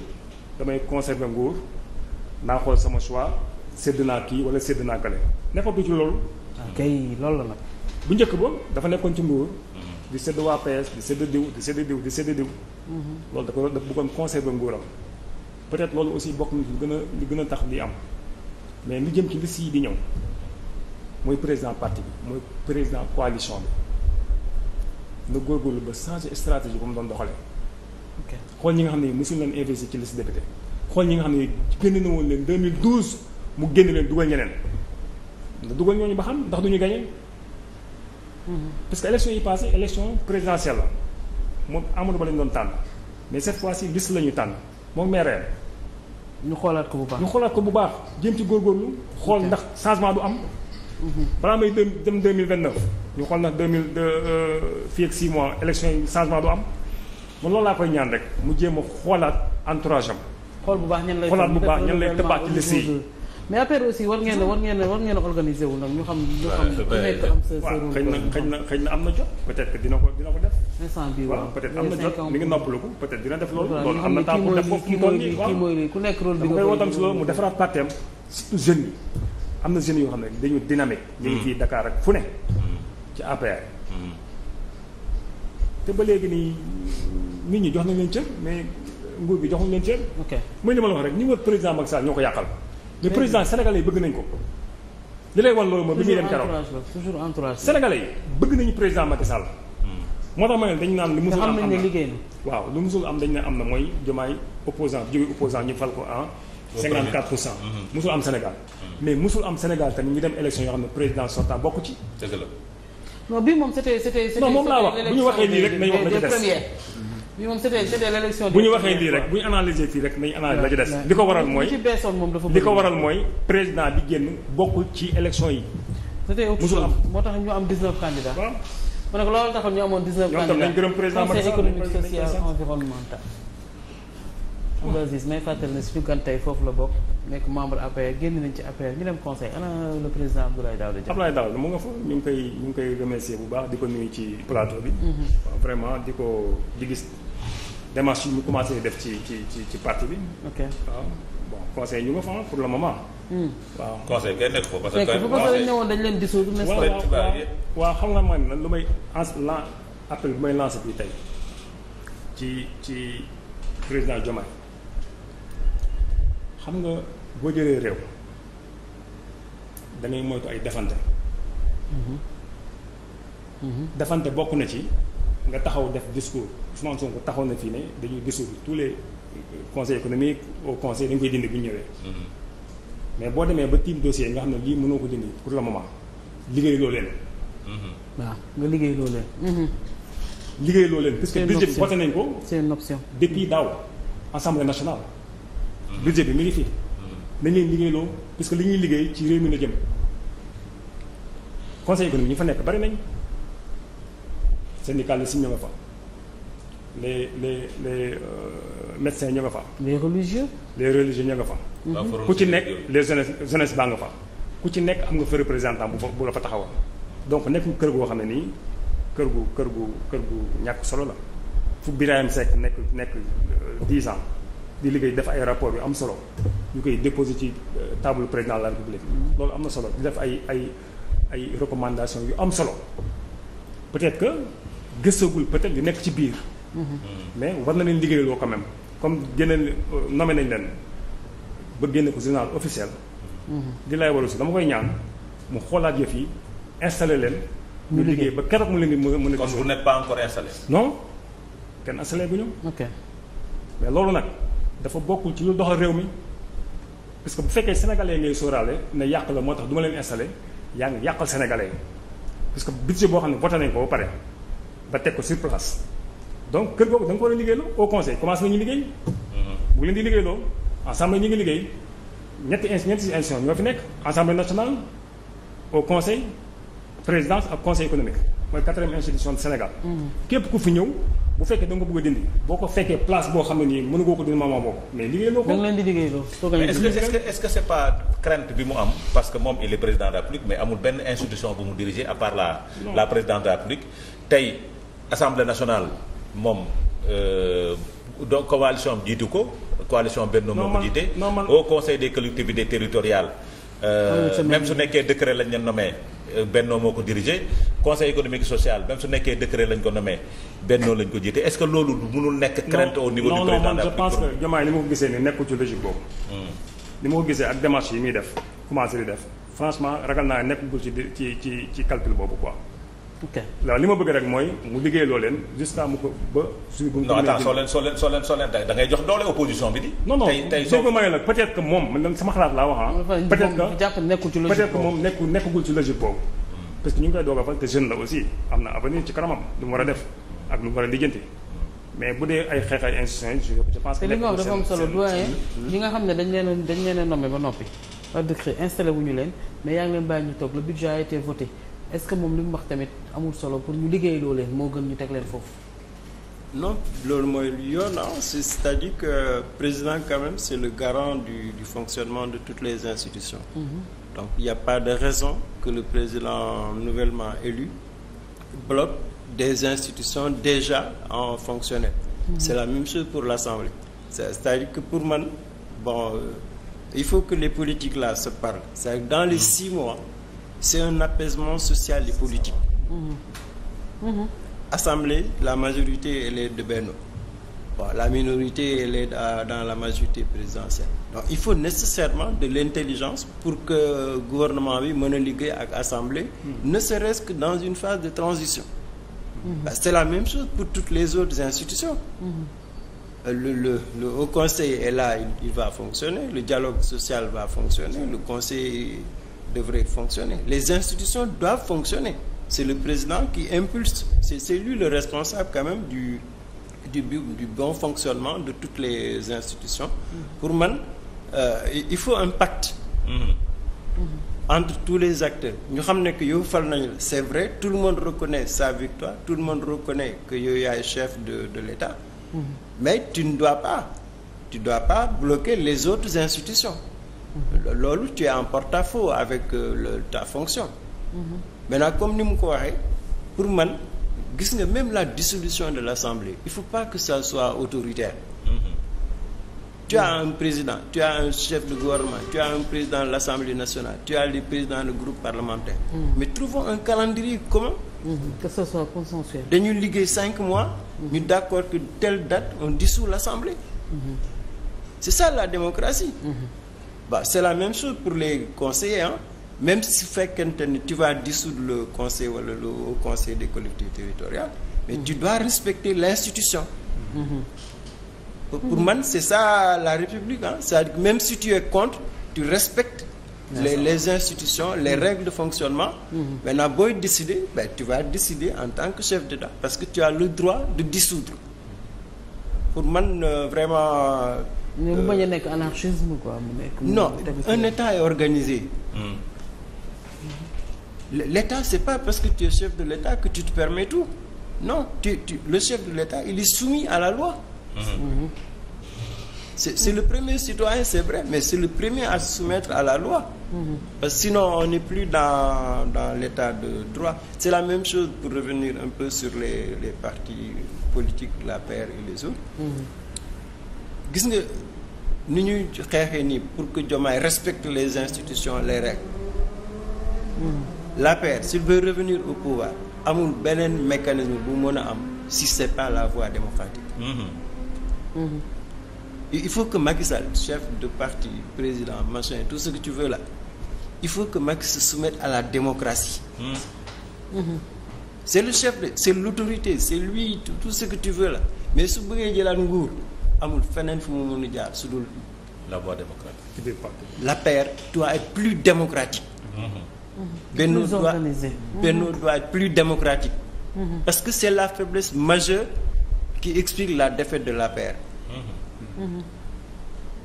damay conserver nguur naa xool sama choix sedd naa kii wala sedd naa kale nekkatu ci loolu. Ah, kay loolu la nag. bu njëkk ba dafa nekkoon ci nguur. Mm-hmm. di sédd waa PS di sédd diw di sédd diw di sédd diw. Mm-hmm. loolu da ko da bëggoon conserver nguuram peut loolu aussi bokk na lu gën a lu gën a tax li am. mais lu jëm ci liste yi di ñëw mooy président parti bi mooy président coalition bi góor góorgóorlu ba changer stratégie bu mu doon doxale ok xool ñi nga xam ne mosul leen investir ci liste député xool ñi nga xam ne génn na woon leen 2012 mu génn leen dugal ñeneen nga dugal ñooñu ba xam ndax duñu gagné. Mhm. parce que élection yi passé élection présidentielle la moom Amadou Ba lañu doon tànn mais cette fois ci liste la ñu tànn moom maire ñu xoolaat ko bu baax ñu xoolaat ko bu baax jéem ci góorgóorlu xool ndax changement du am. Mhm. balaa may dem deux mille vingt neuf ñu xool ndax deux mille euh, fii ak six mois élection yi changement du am man loolu laa koy ñaan rek mu jéem a xoolaat entourage am. xool bu baax ñan lay xoolaat bu baax ñan lay tëbaat ci liste yi. mais après aussi war ngeen war ngeen war ngeen organiser wu nag ñu xam. ñu xam ku nekk am sa sa xëy na na xëy na am na jot. peut-être dina ko dina ko def. instant bii waaw peut ko peut-être dina def loolu. loolu am na temps mu toll nii ku nekk rôle bi nga koy wotam si loolu mu defaraat parteem surtout jeunes yi am na jeunes yoo xam ne dañu dynamique. Hmm. ñu fii Dakar ak fu ne. Hmm. ci APR. Hmm. te ba léegi nii nit ñi jox nañ leen cër mais nguur bi joxuñ leen cër. ok mooy li wax rek ñi wër président Macky Sall ñoo ko yàqal mais président sénégalais yi bëgg nañ ko. li lay wan loolu moom bi ñuy dem keroog toujours entourage sénégalais yi bëgg nañu président Macky Sall. Hmm. moo tax ma ne dañu naan lu musul am am na waaw lu musul am dañ ne am na mooy jomaay opposant jóge opposant ñu fal ko en 54 pour cent hmm. musul am Sénégal hmm. mais musul am Sénégal tamit ñu dem élection yoo xam ne président sortant bokk ci dëgg bii moom c'était moom laa wax bu ñu waxee nii rek nañ wax na ci des bi moom c'était c'était l'élection bu ñu waxee lii rek bu ñu analyser fii rek nañu analyser la ci des li ko waral mooy président bi génn bokk ci élection yi musul am moo tax ñu am 19 candidats waaw ma ne ko loolu taxoon ñu amoon 19 candidats nañ gërëm président conseil économique social environnemental Abdoulaziz may fàttali ne suñu gan tey foofu la bokk nekk membre APR génn nañ ci APR ñu dem conseil ana le président Abdoulaye Daouda Diallo Abdoulaye Daouda mu nga fa ñu ngi koy remercier bu baax di ko nuyu ci plateau bi mhm. di ko di démarche ñu commencé def ci ci ci ci parti bi. ok waaw bon conseil ñu nga fa pour le moment. Hmm. waaw conseil kay nekk foofu parce que. bu ko ñëwoon dañ leen dissoudre n'est-ce pas. waaw xam nga man lan lu may en lan bu may lancé bi tey ci ci président Diomaye xam nga boo jëlee réew dangay ngay moytu ay defante. Mm-hmm. Mm-hmm. defante bokk na ci nga taxaw def discours. Ousmane Sonko taxaw na fii ne dañuy dissoudre tous les conseils économiques au conseil dañ koy dindi bu ñu ñëwee. Mm-hmm. mais boo demee ba tiim dossier nga xam ne lii mënoo ko dindi pour le moment liggéey loo leen. Mm-hmm. nga liggéey loo leen. Mm-hmm. liggéey loo leen. parce que budget bi voté nañ ko. c'est une option depuis daaw assemblée nationale. budget bi mi ngi fi. nañ leen liggéey loo parce que li ñuy liggéey ci réew mi la jëm. conseil économique ñu fa nekk bari nañ syndicaliste yi ñu nga fa. les les les euh, médecins ñu nga fa. les religieux. les religieux ñoo nga fa. ku ci nekk les jeunesse jeunesse baa nga fa. ku ci nekk am nga fa représentant bu fa bu la fa taxawal donc nekkul kër goo xam ne nii kër gu kër gu kër gu ñàkk solo la fu Birahim Seck nekk nekk 10 euh, ans di liggéey def ay rapport yu am solo ñu koy déposé ci euh, table président la république loolu am na solo di def ay ay ay recommandation yu am solo peut-être que gëstagul peut-être li nekk ci biir. Mm-hmm. mais war na leen liggéeyaloo quand même comme génne euh, nommé nañ leen ba génne ko journal officiel. Mm-hmm. di lay waral si dama koy ñaan mu xoolaat yëf fi installé leen. ñu liggéey ba keroog mu leen di mën ko kon vous n'êtes pas encore installé. non kenn installé bu ñu. ok mais loolu nag dafa bokkul ci lu doxal réew mi parce que bu fekkee sénégalais ngay sóoraale ne yàq la moo tax duma leen installé yaa ngi yàqal sénégalais parce que budget boo xam ne voté nañ ko ba pare ba teg ko sur donc kër googu da nga ko war a liggéeyloo au conseil commencé nañu liggéey. Mhm. bu leen di liggéeyloo assemblée ñu ngi liggéey ñetti in ñetti institution ñoo fi nekk assemblée national au conseil présidence ak conseil économique mooy quatrième institution Sénégal. Mhm. képp ku fi ñëw. bu fekkee da ko bëgg dindi boo ko fekkee place boo xam ne nii mënu nga ko dindi maman boobu mais liggéeyaloo ko. da nga leen di liggéeyaloo est-ce que est-ce que c'est pas crainte bi mu am parce que est président moom euh, donc coalition am jiitu ko. coalition Benno moo ko jiite. au conseil des collectivités territoriales. Euh, ah même su nekkee décret lañ leen nommé euh, Benno moo ko dirigé conseil économique social même su nekkee décret lañ ko nommé Benno lañ ko jiite est-ce que loolu mënul nekk crainte o niveau non, du président pense que Diomaye ni ma ko gisee ni nekkul ci logique boobu hmm. ni ma ko gisee ak démarche yi muy def commencé di def franchement ragal naa nekkul ci ci ci ci calcul boobu quoi li ma bëgg rek mooy mu liggéeyloo leen jusqu'à mu ko ba. suñu bu mu non attends soo leen soo leen soo leen soo da jox doole opposition bi di. non non tey soo ko mayee nag peut être que moom man sama xalaat laa wax ah. peut être que jàpp nekkul ci nekkul ci logique boobu. Hmm. parce que ñu ngi koy doog te jeune la aussi am na avenir ci kanamam lu mu war a def ak lu mu war a lijjanti. mais bu dee ay xeex ay institutions je leen mais yaa ngi leen bàyyi ñu toog est-ce que moom li mu wax tamit amul solo pour ñu liggéey loo moo gën ñu teg leen foofu. non loolu mooy yoon ah c'est-à-dire que président quand même c'est le garant du du fonctionnement de toutes les institutions. Mmh. donc il n'y a pas de raison que le président nouvellement élu bloque des institutions déjà en fonctionnel. Mmh. c'est la même chose pour l'Assemblée. c'est-à-dire que pour man bon euh, il faut que les politiques là se parlent. cest à dans les mm-hmm. six mois. c'est un apaisement social et politique. Mmh. Mmh. Assemblée, la majorité, elle est de Benno. la minorité, elle est dans la majorité présidentielle. Donc, il faut nécessairement de l'intelligence pour que le gouvernement oui, mène liguer avec l'Assemblée, mmh. ne serait-ce que dans une phase de transition. Mm-hmm. Bah, c'est la même chose pour toutes les autres institutions. Mm-hmm. Euh, le, le, le, Haut Conseil est là, il va fonctionner, le dialogue social va fonctionner, le Conseil devrait fonctionner. Les institutions doivent fonctionner. C'est le président qui impulse. C'est lui le responsable quand même du, du, du, bon fonctionnement de toutes les institutions. Mm-hmm. Pour moi, euh, il faut un pacte mm-hmm. Mm-hmm. entre tous les acteurs. Nous savons que yow fal c'est vrai, tout le monde reconnaît sa victoire, tout le monde reconnaît que yow est chef de, de l'État. Mais tu ne dois pas, tu dois pas bloquer les autres institutions. loolu tu es en porte à avec euh, le ta fonction. Mm-hmm. maintenant comme ni mu ko waxee pour man gis nga même la dissolution de l'Assemblée il faut pas que ça soit autoritaire. Mm-hmm. tu as un président tu as un chef de gouvernement tu as un président de l'Assemblée nationale tu as le président du groupe parlementaire. Mm-hmm. mais trouvons un calendrier commun. que ce soit consensuel. dañu liggéey cinq mois. ñu d'accord que telle date on dissout l'Assemblée. c'est ça la démocratie. bah c'est la même chose pour les conseillers hein même si fekkente ne tu vas dissoudre le conseil wala le haut conseil des collectivités territoriales mais tu dois respecter l'institution pour, pour man c'est ça la République hein c'est-à-dire même si tu es contre tu respectes les, les institutions les règles de fonctionnement mhm. maintenant booy décider ben tu vas décider en tant que chef d'État parce que tu as le droit de dissoudre pour man euh, vraiment mais bu euh, bañ nekk anarchisme quoi mu nekk. non un état est organisé. Mm-hmm. l'état c'est pas parce que tu es chef de l'état que tu te permets tout non tu tu le chef de l'état il est soumis à la loi. Mm-hmm. Mm-hmm. c'est le premier citoyen c'est vrai mais c'est le premier à se soumettre à la loi. sinon on n'est plus dans dans l'état de droit c'est la même chose pour revenir un peu sur les les partis politiques la paire et les autres. gis nga ni ñuy xeexee nii pour que Diomaye respecte les institutions les règles hmm. l'APR s'il veut revenir au pouvoir amul beneen mécanisme bu mën a am si c'est la voie démocratique mmh. Mmh. il faut que Macky Sall chef de parti président machin tout ce que tu veux là il faut que Macky se à la démocratie mmh. c'est le chef de c'est l'autorité c'est lui tout, ce que tu veux là mais su bëggee jëlaat nguur amul feneen fu mu mun a jaar su dul la voie démocratique l'APR doit être plus démocratique mm-hmm. Benno mm-hmm. doit être plus démocratique mm-hmm. parce que c'est la faiblesse majeure qui explique la défaite de l'APR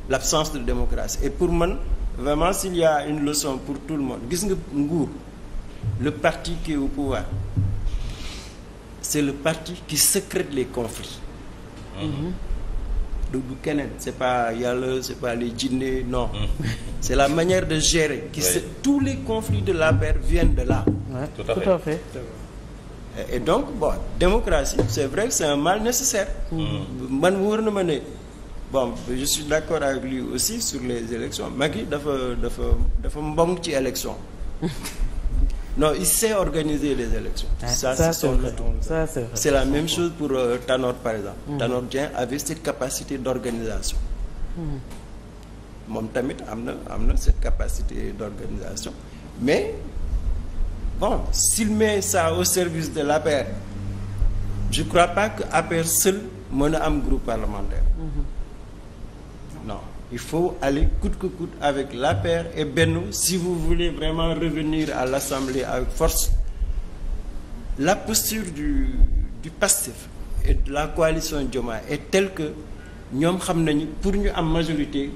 l'absence de démocratie et pour man vraiment s'il y a une leçon pour tout le monde gis nga nguur le parti qui au pouvoir c'est le parti qui sécrète les conflits du du keneen c'est pas yàlla c'est pas les jinne non hmm. c'est la manière de gérer ki oui. tous les conflits de la paix viennent de la ouais, et donc bon démocratie c'est vrai que c'est un mal nécessaire hmm. man wóor na ma ne bon je suis d'accord avec lui aussi sur les élections Macky dafa dafa dafa mbong ci élection non il sait organiser les élections. ça, ça c'est son atout. ça c'est la même chose pour euh, Tanor par exemple. Mm -hmm. Tanor Dieng avait cette capacité d'organisation. Mm. moom tamit am na am na cette capacité d'organisation mais bon s'il met ça au service de l'APR je crois pas que APR seul mën a am groupe parlementaire. Mm-hmm. il faut aller coûte que coûte avec l'APR et benn si vous voulez vraiment revenir à l'Assemblée avec force la posture du du PASTEF et la coalition Diomaye est telle que ñoom xam nañu pour ñu am majorité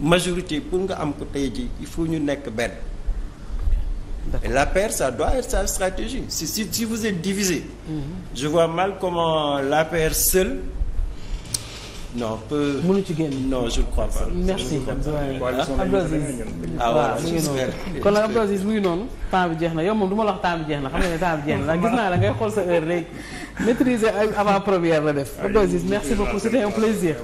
majorité pour nga am ko tey ji il faut ñu nekk benn et l'APR ça doit être sa stratégie si si si vous êtes divisé mhm. je vois mal comment l'APR seul non peu. ci génn non je ne crois pas. merci Abdou Aziz. ah waaw mu ngi noonu. temps bi jeex na yow moom du ma la wax temps jeex na xam nga ne temps bi jeex na gis naa la ngay xool sa heure léegi maîtriser avant première la def. Abdou Aziz merci beaucoup c'était un plaisir.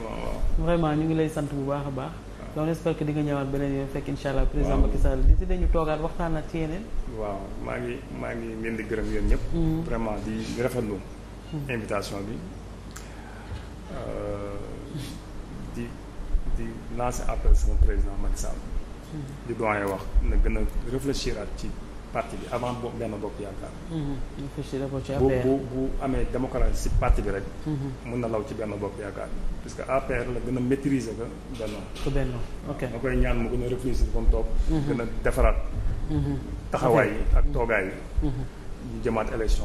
vraiment ñu ngi lay sant bu baax a baax. donc j'espère que di nga ñëwaat beneen yoon fekk incha allah président Macky Sall di si dañu toogaat waxtaan ak ci yeneen. waaw maa ngi maa ngi leen di gërëm yéen ñëpp. Mm-hmm. vraiment di rafetlu mm-hmm. invitation bi. Euh, di lancer appel sama président Macky Sall hmm. di doyen wax na gën a réfléchir at ci parti bi avant bo benn bokk yaakaar hmm. bu bu bu amee démocratie si parti bi rek mun hmm. na law ci benn bokk yaakaar parce que APR la gën a ko que benno ma koy ñaan mu gën a réfléchir comme toog gën a defaraat taxawaay yi ak toogaay yi ñu jëmaat élection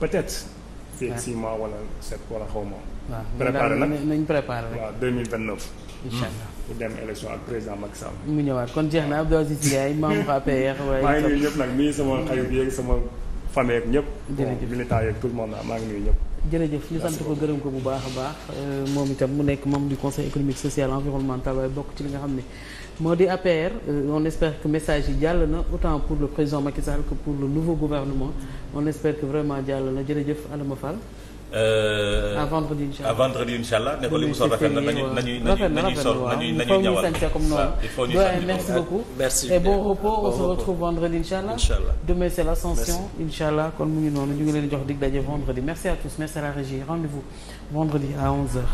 peut-être fii ak six mois wala sept wala xaw ma préparé nag nañ incha allah pour dem élection ak président Macky Sall. mu ñëwaat kon jeex na Abdou Aziz Ndiaye membre APR. waaye militant yeeg tout le monde maa ngi nuyu ñëpp. jërëjëf ñu sant ko gërëm ko bu baax a baax euh, moom itam mu nekk membre du conseil économique social environnemental waaye bokk ci li nga xam ne moo di APR euh, on espère que message yi jàll na autant pour le président Macky Sall pour le nouveau gouvernement on espère que vraiment jàll na jërëjëf Adama Fall. Euh, à vendredi incha allah à vendredi incha allah ne ko li mu sol rafet na nañu nañuy nañuy sol nañuy nañuy ñawal il faut ñu sant merci beaucoup. merci et bon repos on se retrouve vendredi incha allah. incha allah demain c'est l'ascension incha allah kon mu ngi noonu ñu ngi leen jox dig daje vendredi merci à tous merci à la régie rendez-vous vendredi à 11h.